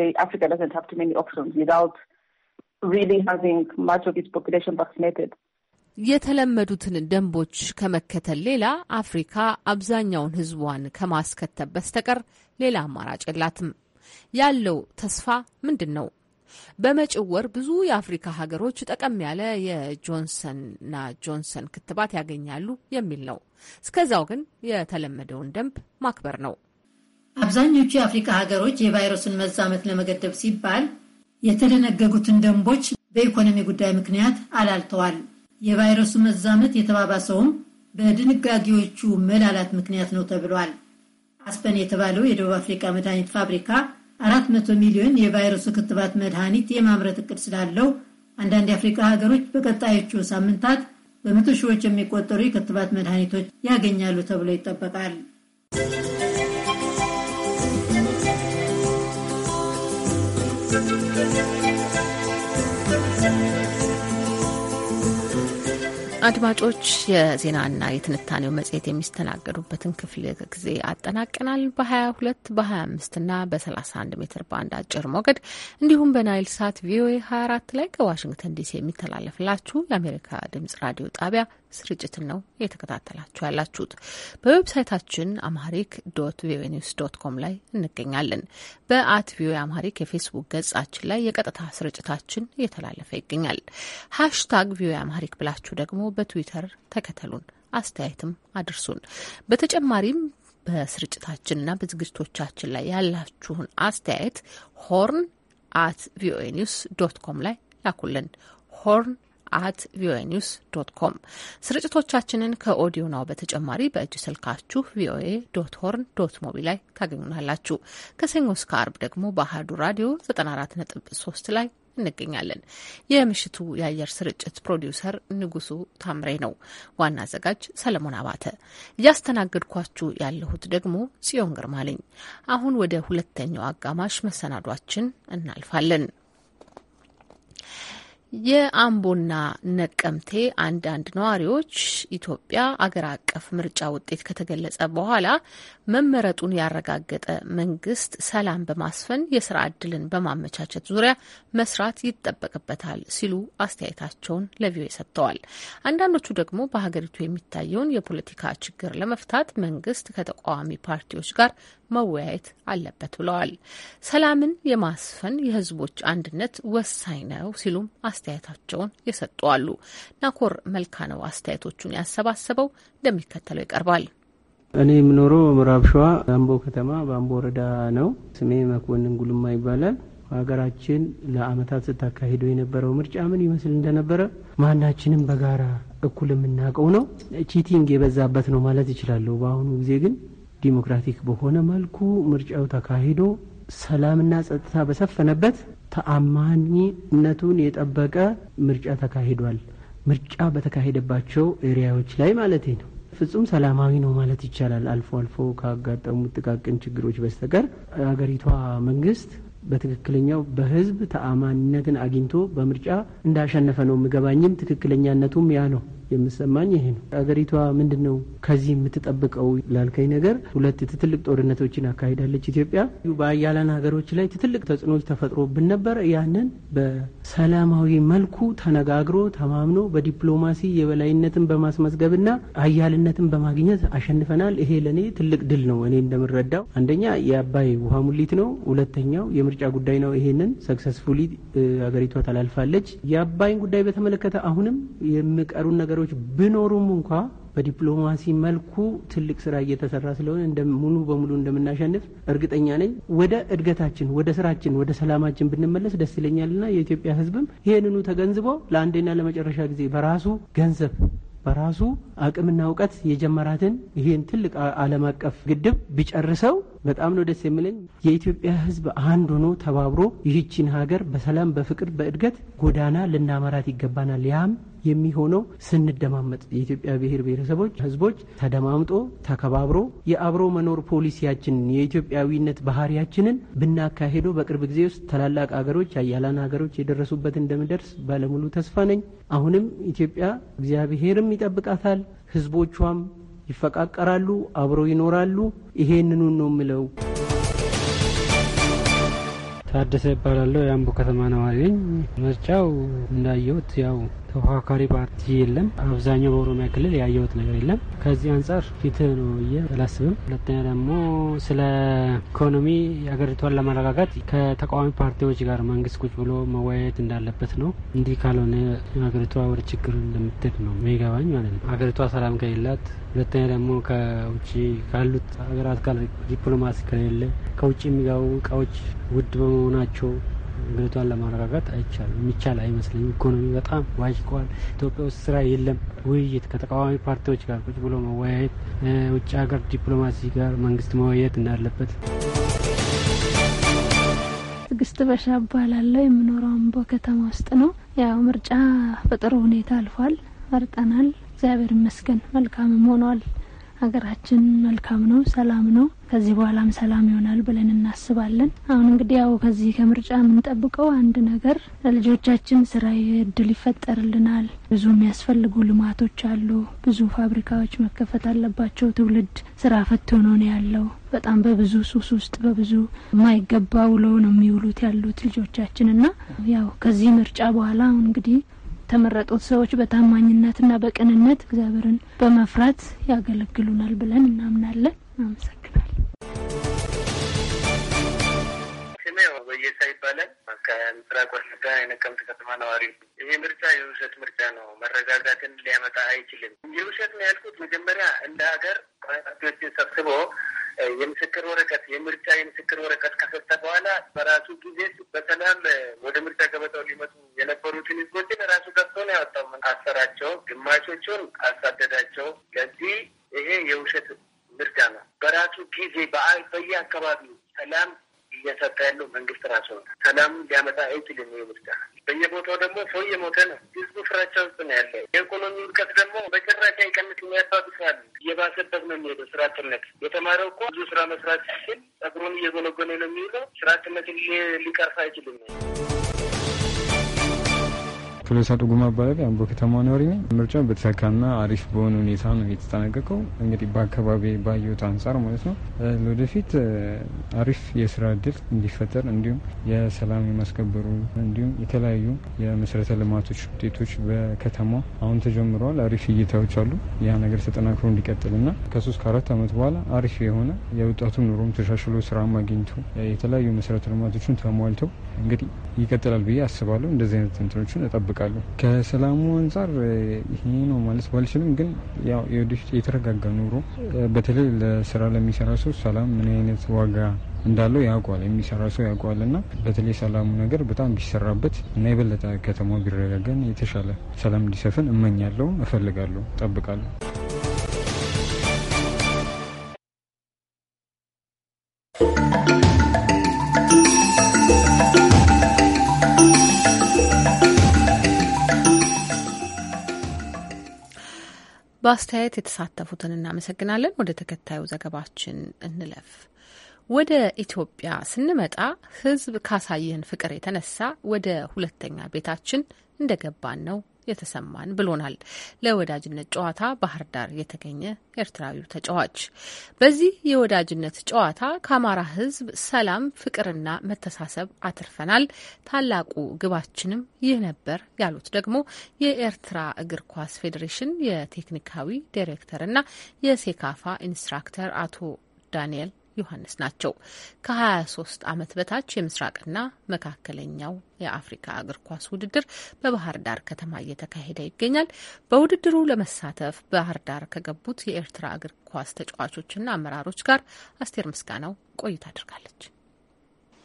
they, Africa doesn't have too many options without really having much of its population vaccinated. የተለመዱትን ደንቦች ከመከተል ሌላ አፍሪካ አብዛኛውን ሕዝቧን ከማስከተብ በስተቀር ሌላ አማራጭ የላትም። ያለው ተስፋ ምንድን ነው? በመጪው ወር ብዙ የአፍሪካ ሀገሮች ጠቀም ያለ የጆንሰንና ጆንሰን ክትባት ያገኛሉ የሚል ነው። እስከዛው ግን የተለመደውን ደንብ ማክበር ነው። አብዛኞቹ የአፍሪካ ሀገሮች የቫይረሱን መዛመት ለመገደብ ሲባል የተደነገጉትን ደንቦች በኢኮኖሚ ጉዳይ ምክንያት አላልተዋል። የቫይረሱ መዛመት የተባባሰውም በድንጋጌዎቹ መላላት ምክንያት ነው ተብሏል። አስፐን የተባለው የደቡብ አፍሪካ መድኃኒት ፋብሪካ መቶ ሚሊዮን የቫይረሱ ክትባት መድኃኒት የማምረት እቅድ ስላለው አንዳንድ የአፍሪካ ሀገሮች በቀጣዮቹ ሳምንታት በመቶ ሺዎች የሚቆጠሩ የክትባት መድኃኒቶች ያገኛሉ ተብሎ ይጠበቃል። አድማጮች የዜናና የትንታኔው መጽሔት የሚስተናገዱበትን ክፍል ጊዜ አጠናቀናል። በ22 በ25ና በ31 ሜትር ባንድ አጭር ሞገድ እንዲሁም በናይል ሳት ቪኦኤ 24 ላይ ከዋሽንግተን ዲሲ የሚተላለፍላችሁ የአሜሪካ ድምጽ ራዲዮ ጣቢያ ስርጭትን ነው እየተከታተላችሁ ያላችሁት። በዌብሳይታችን አማሪክ ዶት ቪኦኤ ኒውስ ዶት ኮም ላይ እንገኛለን። በአት ቪኦኤ አማሪክ የፌስቡክ ገጻችን ላይ የቀጥታ ስርጭታችን እየተላለፈ ይገኛል። ሃሽታግ ቪኦኤ አማሪክ ብላችሁ ደግሞ በትዊተር ተከተሉን፣ አስተያየትም አድርሱን። በተጨማሪም በስርጭታችንና በዝግጅቶቻችን ላይ ያላችሁን አስተያየት ሆርን አት ቪኦኤ ኒውስ ዶት ኮም ላይ ላኩልን። ሆርን አት ቪኦኤ ኒውስ ዶት ኮም። ስርጭቶቻችንን ከኦዲዮ ናው በተጨማሪ በእጅ ስልካችሁ ቪኦኤ ዶት ሆርን ዶት ሞቢ ላይ ታገኙናላችሁ። ከሰኞ እስከ አርብ ደግሞ በአህዱ ራዲዮ 94.3 ላይ እንገኛለን። የምሽቱ የአየር ስርጭት ፕሮዲውሰር ንጉሱ ታምሬ ነው። ዋና አዘጋጅ ሰለሞን አባተ፣ እያስተናገድኳችሁ ያለሁት ደግሞ ጽዮን ግርማ ነኝ። አሁን ወደ ሁለተኛው አጋማሽ መሰናዷችን እናልፋለን። የአምቦና ነቀምቴ አንዳንድ ነዋሪዎች ኢትዮጵያ አገር አቀፍ ምርጫ ውጤት ከተገለጸ በኋላ መመረጡን ያረጋገጠ መንግስት ሰላም በማስፈን የስራ እድልን በማመቻቸት ዙሪያ መስራት ይጠበቅበታል ሲሉ አስተያየታቸውን ለቪኦኤ ሰጥተዋል። አንዳንዶቹ ደግሞ በሀገሪቱ የሚታየውን የፖለቲካ ችግር ለመፍታት መንግስት ከተቃዋሚ ፓርቲዎች ጋር መወያየት አለበት ብለዋል። ሰላምን የማስፈን የህዝቦች አንድነት ወሳኝ ነው ሲሉም አስተያየታቸውን የሰጡ አሉ። ናኮር መልካ ነው አስተያየቶቹን ያሰባሰበው፣ እንደሚከተለው ይቀርባል። እኔ የምኖረው ምዕራብ ሸዋ አምቦ ከተማ በአምቦ ወረዳ ነው። ስሜ መኮንን ጉልማ ይባላል። ሀገራችን ለአመታት ስታካሂደው የነበረው ምርጫ ምን ይመስል እንደነበረ ማናችንም በጋራ እኩል የምናውቀው ነው። ቺቲንግ የበዛበት ነው ማለት ይችላለሁ። በአሁኑ ጊዜ ግን ዲሞክራቲክ በሆነ መልኩ ምርጫው ተካሂዶ ሰላምና ጸጥታ በሰፈነበት ተአማኒነቱን የጠበቀ ምርጫ ተካሂዷል። ምርጫ በተካሄደባቸው ኤሪያዎች ላይ ማለት ነው። ፍጹም ሰላማዊ ነው ማለት ይቻላል። አልፎ አልፎ ካጋጠሙት ጥቃቅን ችግሮች በስተቀር አገሪቷ መንግስት በትክክለኛው በህዝብ ተአማኒነትን አግኝቶ በምርጫ እንዳሸነፈ ነው የምገባኝም። ትክክለኛነቱም ያ ነው። የምሰማኝ ይሄ ነው። አገሪቷ ምንድን ነው ከዚህ የምትጠብቀው ላልከኝ ነገር ሁለት ትልቅ ጦርነቶችን አካሂዳለች ኢትዮጵያ። በአያለን ሀገሮች ላይ ትልቅ ተጽዕኖች ተፈጥሮብን ነበር። ያንን በሰላማዊ መልኩ ተነጋግሮ ተማምኖ በዲፕሎማሲ የበላይነትን በማስመዝገብና አያልነትን በማግኘት አሸንፈናል። ይሄ ለእኔ ትልቅ ድል ነው። እኔ እንደምረዳው አንደኛ የአባይ ውሃ ሙሊት ነው። ሁለተኛው የምርጫ ጉዳይ ነው። ይሄንን ሰክሰስፉሊ ሀገሪቷ ተላልፋለች። የአባይን ጉዳይ በተመለከተ አሁንም የሚቀሩን ነገሮች ነገሮች ቢኖሩም እንኳ በዲፕሎማሲ መልኩ ትልቅ ስራ እየተሰራ ስለሆነ እንደ ሙሉ በሙሉ እንደምናሸንፍ እርግጠኛ ነኝ። ወደ እድገታችን፣ ወደ ስራችን፣ ወደ ሰላማችን ብንመለስ ደስ ይለኛልና የኢትዮጵያ ሕዝብም ይህንኑ ተገንዝቦ ለአንዴና ለመጨረሻ ጊዜ በራሱ ገንዘብ በራሱ አቅምና እውቀት የጀመራትን ይህን ትልቅ ዓለም አቀፍ ግድብ ቢጨርሰው በጣም ነው ደስ የሚለኝ። የኢትዮጵያ ህዝብ አንድ ሆኖ ተባብሮ ይህችን ሀገር በሰላም በፍቅር፣ በእድገት ጎዳና ልናመራት ይገባናል። ያም የሚሆነው ስንደማመጥ የኢትዮጵያ ብሔር ብሔረሰቦች ህዝቦች ተደማምጦ ተከባብሮ የአብሮ መኖር ፖሊሲያችንን የኢትዮጵያዊነት ባህሪያችንን ብናካሄዱ በቅርብ ጊዜ ውስጥ ታላላቅ ሀገሮች አያላን ሀገሮች የደረሱበት እንደምደርስ ባለሙሉ ተስፋ ነኝ። አሁንም ኢትዮጵያ እግዚአብሔርም ይጠብቃታል፣ ህዝቦቿም ይፈቃቀራሉ፣ አብሮ ይኖራሉ። ይሄንኑ ነው የምለው። ታደሰ ይባላለሁ። የአምቦ ከተማ ነዋሪ ነኝ። ምርጫው እንዳየሁት ያው ተፎካካሪ ፓርቲ የለም። አብዛኛው በኦሮሚያ ክልል ያየሁት ነገር የለም። ከዚህ አንጻር ፊትህ ነው ብዬ አላስብም። ሁለተኛ ደግሞ ስለ ኢኮኖሚ አገሪቷን ለማረጋጋት ከተቃዋሚ ፓርቲዎች ጋር መንግስት ቁጭ ብሎ መወያየት እንዳለበት ነው። እንዲህ ካልሆነ ሀገሪቷ ወደ ችግር እንደምትሄድ ነው የሚገባኝ ማለት ነው። ሀገሪቷ ሰላም ከሌላት፣ ሁለተኛ ደግሞ ከውጭ ካሉት ሀገራት ጋር ዲፕሎማሲ ከሌለ ከውጭ የሚገቡ እቃዎች ውድ በመሆናቸው ሀገሪቷን ለማረጋጋት አይቻል የሚቻል አይመስለኝም። ኢኮኖሚ በጣም ዋዥቀዋል። ኢትዮጵያ ውስጥ ስራ የለም። ውይይት ከተቃዋሚ ፓርቲዎች ጋር ቁጭ ብሎ መወያየት፣ ውጭ ሀገር ዲፕሎማሲ ጋር መንግስት መወያየት እንዳለበት። ትግስት በሻ እባላለሁ። የምኖረው አምቦ ከተማ ውስጥ ነው። ያው ምርጫ በጥሩ ሁኔታ አልፏል። መርጠናል። እግዚአብሔር ይመስገን። መልካምም ሆኗል። ሀገራችን መልካም ነው፣ ሰላም ነው። ከዚህ በኋላም ሰላም ይሆናል ብለን እናስባለን። አሁን እንግዲህ ያው ከዚህ ከምርጫ የምንጠብቀው አንድ ነገር ለልጆቻችን ስራ እድል ይፈጠርልናል። ብዙ የሚያስፈልጉ ልማቶች አሉ። ብዙ ፋብሪካዎች መከፈት አለባቸው። ትውልድ ስራ ፈት ሆኖ ነው ያለው። በጣም በብዙ ሱስ ውስጥ በብዙ የማይገባ ውለው ነው የሚውሉት ያሉት ልጆቻችን እና ያው ከዚህ ምርጫ በኋላ አሁን እንግዲህ የተመረጡት ሰዎች በታማኝነትና በቅንነት እግዚአብሔርን በመፍራት ያገለግሉናል ብለን እናምናለን። አመሰግናለሁ። ወየሳ ይባላል። ከምስራቅ ወለጋ የነቀምት ከተማ ነዋሪ። ይሄ ምርጫ የውሸት ምርጫ ነው፣ መረጋጋትን ሊያመጣ አይችልም። የውሸት ነው ያልኩት መጀመሪያ እንደ ሀገር ፓርቲዎችን ሰብስቦ የምስክር ወረቀት የምርጫ የምስክር ወረቀት ከሰጠ በኋላ በራሱ ጊዜ በሰላም ወደ ምርጫ ገበታው ሊመጡ የነበሩትን ህዝቦችን ራሱ ገብቶ ነው ያወጣው። አሰራቸው፣ ግማሾቹን አሳደዳቸው። ለዚህ ይሄ የውሸት ምርጫ ነው። በራሱ ጊዜ በአል በየ አካባቢው ሰላም እያሳታ ያለው መንግስት ራሱ ነው። ሰላም ሊያመጣ አይችልም። ምርጫ በየቦታው ደግሞ ሰው እየሞተ ነው። ህዝቡ ፍራቻ ውስጥ ነው ያለ። የኢኮኖሚ ውድቀት ደግሞ በጭራሽ አይቀንስ፣ የሚያባብሳል። እየባሰበት ነው የሚሄደው። ስራ አጥነት የተማረው እኮ ብዙ ስራ መስራት ሲችል ጸጉሩን እየጎነጎነ ነው የሚውለው። ስራ አጥነትን ሊቀርፍ አይችልም። ቶሎሳ ዱጉማ እባላለሁ። የአምቦ ከተማ ነዋሪ ነኝ። ምርጫው በተሳካና አሪፍ በሆነ ሁኔታ ነው የተጠናቀቀው። እንግዲህ በአካባቢ ባየሁት አንጻር ማለት ነው። ለወደፊት አሪፍ የስራ እድል እንዲፈጠር እንዲሁም የሰላም የማስከበሩ እንዲሁም የተለያዩ የመሰረተ ልማቶች ውጤቶች በከተማ አሁን ተጀምረዋል። አሪፍ እይታዎች አሉ። ያ ነገር ተጠናክሮ እንዲቀጥልና ከሶስት ከአራት ዓመት በኋላ አሪፍ የሆነ የወጣቱ ኑሮም ተሻሽሎ ስራ አግኝቶ የተለያዩ መሰረተ ልማቶችን ተሟልተው እንግዲህ ይቀጥላል ብዬ አስባለሁ። እንደዚህ አይነት እንትኖችን እጠብቃለሁ። ይጠብቃሉ። ከሰላሙ አንጻር ይሄ ነው ማለት ባልችልም፣ ግን ያው የወደፊት የተረጋጋ ኑሮ በተለይ ለስራ ለሚሰራ ሰው ሰላም ምን አይነት ዋጋ እንዳለው ያውቋል፣ የሚሰራ ሰው ያውቋል። እና በተለይ ሰላሙ ነገር በጣም ቢሰራበት እና የበለጠ ከተማ ቢረጋገን የተሻለ ሰላም እንዲሰፍን እመኛለሁ፣ እፈልጋለሁ፣ ጠብቃለሁ። በአስተያየት የተሳተፉትን እናመሰግናለን። ወደ ተከታዩ ዘገባችን እንለፍ። ወደ ኢትዮጵያ ስንመጣ ህዝብ ካሳየን ፍቅር የተነሳ ወደ ሁለተኛ ቤታችን እንደገባን ነው የተሰማን ብሎናል። ለወዳጅነት ጨዋታ ባህር ዳር የተገኘ ኤርትራዊው ተጫዋች በዚህ የወዳጅነት ጨዋታ ከአማራ ሕዝብ ሰላም፣ ፍቅርና መተሳሰብ አትርፈናል። ታላቁ ግባችንም ይህ ነበር ያሉት ደግሞ የኤርትራ እግር ኳስ ፌዴሬሽን የቴክኒካዊ ዳይሬክተርና የሴካፋ ኢንስትራክተር አቶ ዳንኤል ዮሐንስ ናቸው። ከ23 ዓመት በታች የምስራቅና መካከለኛው የአፍሪካ እግር ኳስ ውድድር በባህር ዳር ከተማ እየተካሄደ ይገኛል። በውድድሩ ለመሳተፍ ባህር ዳር ከገቡት የኤርትራ እግር ኳስ ተጫዋቾችና አመራሮች ጋር አስቴር ምስጋናው ቆይታ አድርጋለች።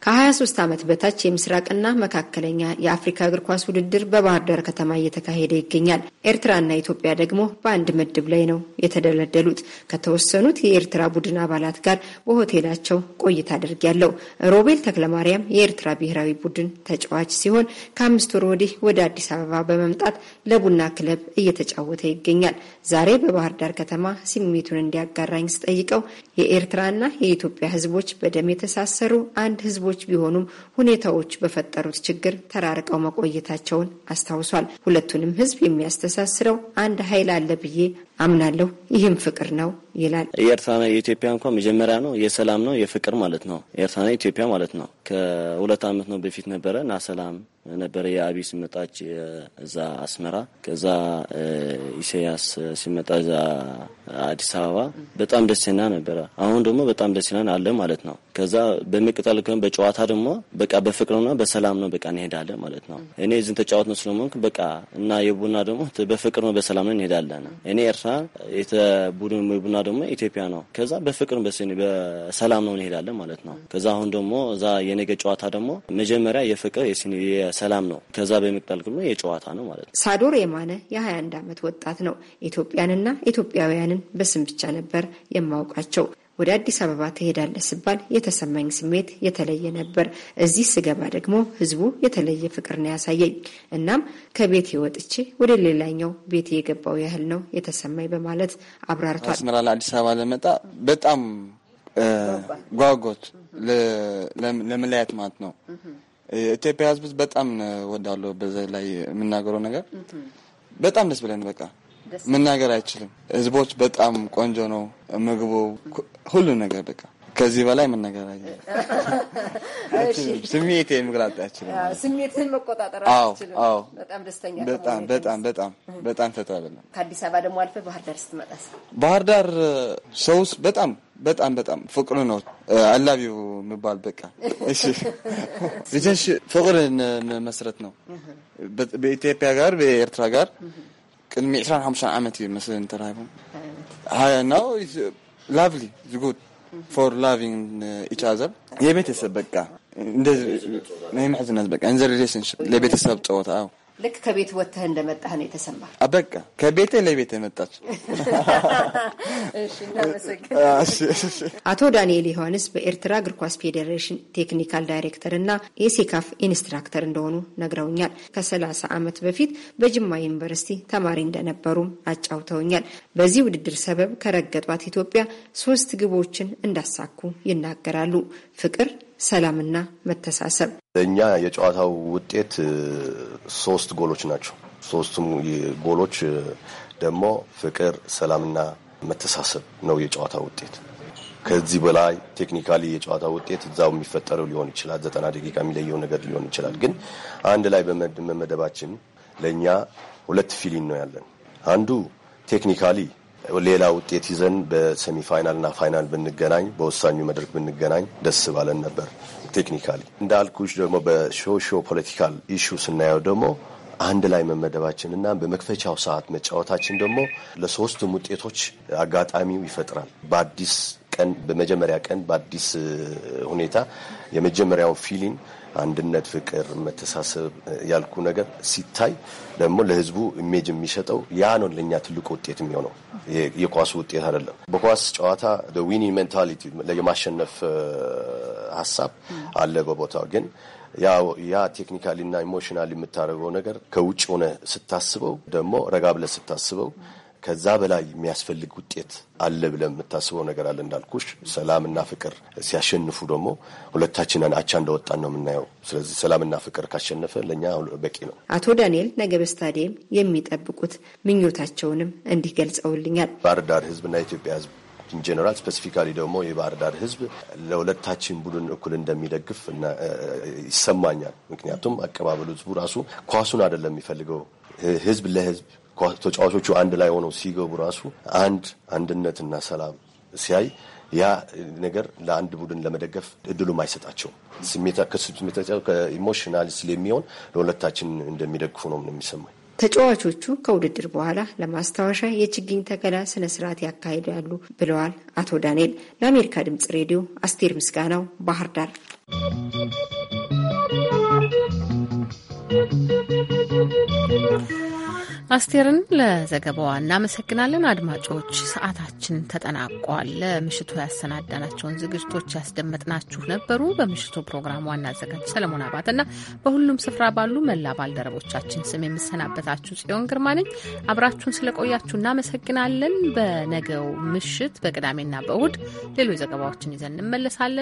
ከ23 ዓመት በታች የምስራቅና መካከለኛ የአፍሪካ እግር ኳስ ውድድር በባህር ዳር ከተማ እየተካሄደ ይገኛል። ኤርትራና ኢትዮጵያ ደግሞ በአንድ ምድብ ላይ ነው የተደለደሉት። ከተወሰኑት የኤርትራ ቡድን አባላት ጋር በሆቴላቸው ቆይታ አድርጊያለሁ። ሮቤል ተክለማርያም የኤርትራ ብሔራዊ ቡድን ተጫዋች ሲሆን ከአምስት ወር ወዲህ ወደ አዲስ አበባ በመምጣት ለቡና ክለብ እየተጫወተ ይገኛል። ዛሬ በባህር ዳር ከተማ ስሜቱን እንዲያጋራኝ ስጠይቀው የኤርትራና የኢትዮጵያ ሕዝቦች በደም የተሳሰሩ አንድ ሕዝቦ ህዝቦች ቢሆኑም ሁኔታዎች በፈጠሩት ችግር ተራርቀው መቆየታቸውን አስታውሷል። ሁለቱንም ህዝብ የሚያስተሳስረው አንድ ኃይል አለ ብዬ አምናለሁ። ይህም ፍቅር ነው ይላል። የኤርትራና የኢትዮጵያ እንኳ መጀመሪያ ነው የሰላም ነው የፍቅር ማለት ነው። ኤርትራና ኢትዮጵያ ማለት ነው። ከሁለት ዓመት ነው በፊት ነበረ ና ሰላም ነበረ። የአብይ ሲመጣች እዛ አስመራ፣ ከዛ ኢሳያስ ሲመጣ እዛ አዲስ አበባ በጣም ደስና ነበረ። አሁን ደግሞ በጣም ደስና አለ ማለት ነው። ከዛ በመቀጠል ከም በጨዋታ ደግሞ በቃ በፍቅር ነው በሰላም ነው በቃ እንሄዳለን ማለት ነው። እኔ ዝን ተጫወት ነው ስለሆንኩ በቃ እና የቡና ደግሞ በፍቅር ነው በሰላም ነው እንሄዳለን እኔ ቡድን ቡና ደግሞ ኢትዮጵያ ነው። ከዛ በፍቅር በሰላም ነው እንሄዳለን ማለት ነው። ከዛ አሁን ደግሞ እዛ የነገ ጨዋታ ደግሞ መጀመሪያ የፍቅር የሰላም ነው። ከዛ በሚቀጥል ግሞ የጨዋታ ነው ማለት ነው። ሳዶር የማነ የ21 ዓመት ወጣት ነው። ኢትዮጵያንና ኢትዮጵያውያንን በስም ብቻ ነበር የማውቃቸው። ወደ አዲስ አበባ ትሄዳለህ ሲባል የተሰማኝ ስሜት የተለየ ነበር። እዚህ ስገባ ደግሞ ህዝቡ የተለየ ፍቅር ነው ያሳየኝ። እናም ከቤቴ ወጥቼ ወደ ሌላኛው ቤት የገባው ያህል ነው የተሰማኝ በማለት አብራርቷል። አስመራ ለአዲስ አበባ ለመጣ በጣም ጓጎት ለመለያየት ማለት ነው። ኢትዮጵያ ህዝብ በጣም ወዳለው በዛ ላይ የምናገረው ነገር በጣም ደስ ብለን በቃ መናገር አይችልም። ህዝቦች በጣም ቆንጆ ነው ምግቡ፣ ሁሉ ነገር በቃ ከዚህ በላይ መናገር ስሜቴን መግለጥ አይችልም። ስሜትን መቆጣጠር አይችልም። በጣም ደስተኛ በጣም በጣም በጣም በጣም ተታለለ። ከአዲስ አበባ ደግሞ አልፈ ባህር ዳር ስትመጣስ? ባህር ዳር ሰውስ በጣም በጣም በጣም ፍቅሩ ነው። አላቢው የሚባል በቃ እሺ፣ ልጅሽ ፍቅርን መስረት ነው በኢትዮጵያ ጋር በኤርትራ ጋር ቅድሚ 25 ዓመት እዩ መስለን ተራሂቦም ናው ላቭሊ ዝጉድ ፎር ላቪንግ ኢች ኣዘር የቤተሰብ በቃ ናይ ምሕዝነት በቃ እንዘ ሪሌሽንሽፕ ለቤተሰብ ፀወታ ልክ ከቤት ወጥተህ እንደመጣህ ነው የተሰማ። በቃ ከቤቴ ለቤት የመጣች አቶ ዳንኤል ዮሐንስ በኤርትራ እግር ኳስ ፌዴሬሽን ቴክኒካል ዳይሬክተር እና የሴካፍ ኢንስትራክተር እንደሆኑ ነግረውኛል። ከሰላሳ ዓመት በፊት በጅማ ዩኒቨርሲቲ ተማሪ እንደነበሩም አጫውተውኛል። በዚህ ውድድር ሰበብ ከረገጧት ኢትዮጵያ ሶስት ግቦችን እንዳሳኩ ይናገራሉ። ፍቅር ሰላምና መተሳሰብ። እኛ የጨዋታው ውጤት ሶስት ጎሎች ናቸው። ሶስቱም ጎሎች ደግሞ ፍቅር፣ ሰላምና መተሳሰብ ነው የጨዋታ ውጤት። ከዚህ በላይ ቴክኒካሊ የጨዋታ ውጤት እዛው የሚፈጠረው ሊሆን ይችላል። ዘጠና ደቂቃ የሚለየው ነገር ሊሆን ይችላል። ግን አንድ ላይ በመመደባችን ለእኛ ሁለት ፊሊን ነው ያለን። አንዱ ቴክኒካሊ ሌላ ውጤት ይዘን በሴሚፋይናልና ፋይናል ብንገናኝ፣ በወሳኙ መድረክ ብንገናኝ ደስ ባለን ነበር። ቴክኒካሊ እንዳልኩሽ ደግሞ በሾሾ ፖለቲካል ኢሹ ስናየው ደግሞ አንድ ላይ መመደባችን እና በመክፈቻው ሰዓት መጫወታችን ደግሞ ለሶስቱም ውጤቶች አጋጣሚው ይፈጥራል። በአዲስ ቀን በመጀመሪያ ቀን በአዲስ ሁኔታ የመጀመሪያውን ፊሊንግ አንድነት፣ ፍቅር፣ መተሳሰብ ያልኩ ነገር ሲታይ ደግሞ ለህዝቡ ኢሜጅ የሚሰጠው ያ ነው ለእኛ ትልቁ ውጤት የሚሆነው የኳሱ ውጤት አይደለም። በኳስ ጨዋታ ዊኒ ሜንታሊቲ የማሸነፍ ሀሳብ አለ በቦታው ግን ያ ቴክኒካሊ እና ኢሞሽናል የምታደርገው ነገር ከውጭ ሆነ ስታስበው ደግሞ ረጋ ብለ ስታስበው ከዛ በላይ የሚያስፈልግ ውጤት አለ ብለን የምታስበው ነገር አለ። እንዳልኩሽ ሰላምና ፍቅር ሲያሸንፉ ደግሞ ሁለታችንን አቻ እንደወጣን ነው የምናየው። ስለዚህ ሰላምና ፍቅር ካሸነፈ ለእኛ በቂ ነው። አቶ ዳንኤል ነገ በስታዲየም የሚጠብቁት ምኞታቸውንም እንዲህ ገልጸውልኛል። ባህር ዳር ህዝብና የኢትዮጵያ ህዝብ ኢንጀነራል ስፔሲፊካሊ ደግሞ የባህር ዳር ህዝብ ለሁለታችን ቡድን እኩል እንደሚደግፍ ይሰማኛል። ምክንያቱም አቀባበሉ ህዝቡ ራሱ ኳሱን አይደለም የሚፈልገው ህዝብ ለህዝብ ተጫዋቾቹ አንድ ላይ ሆነው ሲገቡ ራሱ አንድ አንድነትና ሰላም ሲያይ ያ ነገር ለአንድ ቡድን ለመደገፍ እድሉም አይሰጣቸውም። ከኢሞሽናል ስለሚሆን ለሁለታችን እንደሚደግፉ ነው የሚሰማኝ። ተጫዋቾቹ ከውድድር በኋላ ለማስታወሻ የችግኝ ተከላ ስነ ስርዓት ያካሂዳሉ ብለዋል አቶ ዳንኤል። ለአሜሪካ ድምጽ ሬዲዮ አስቴር ምስጋናው ባህር ዳር። አስቴርን ለዘገባዋ እናመሰግናለን። አድማጮች ሰዓታችን ተጠናቋል። ለምሽቱ ያሰናዳናቸውን ዝግጅቶች ያስደመጥናችሁ ነበሩ። በምሽቱ ፕሮግራም ዋና አዘጋጅ ሰለሞን አባትና በሁሉም ስፍራ ባሉ መላ ባልደረቦቻችን ስም የምሰናበታችሁ ጽዮን ግርማ ነኝ። አብራችሁን ስለቆያችሁ እናመሰግናለን። በነገው ምሽት በቅዳሜና በእሁድ ሌሎች ዘገባዎችን ይዘን እንመለሳለን።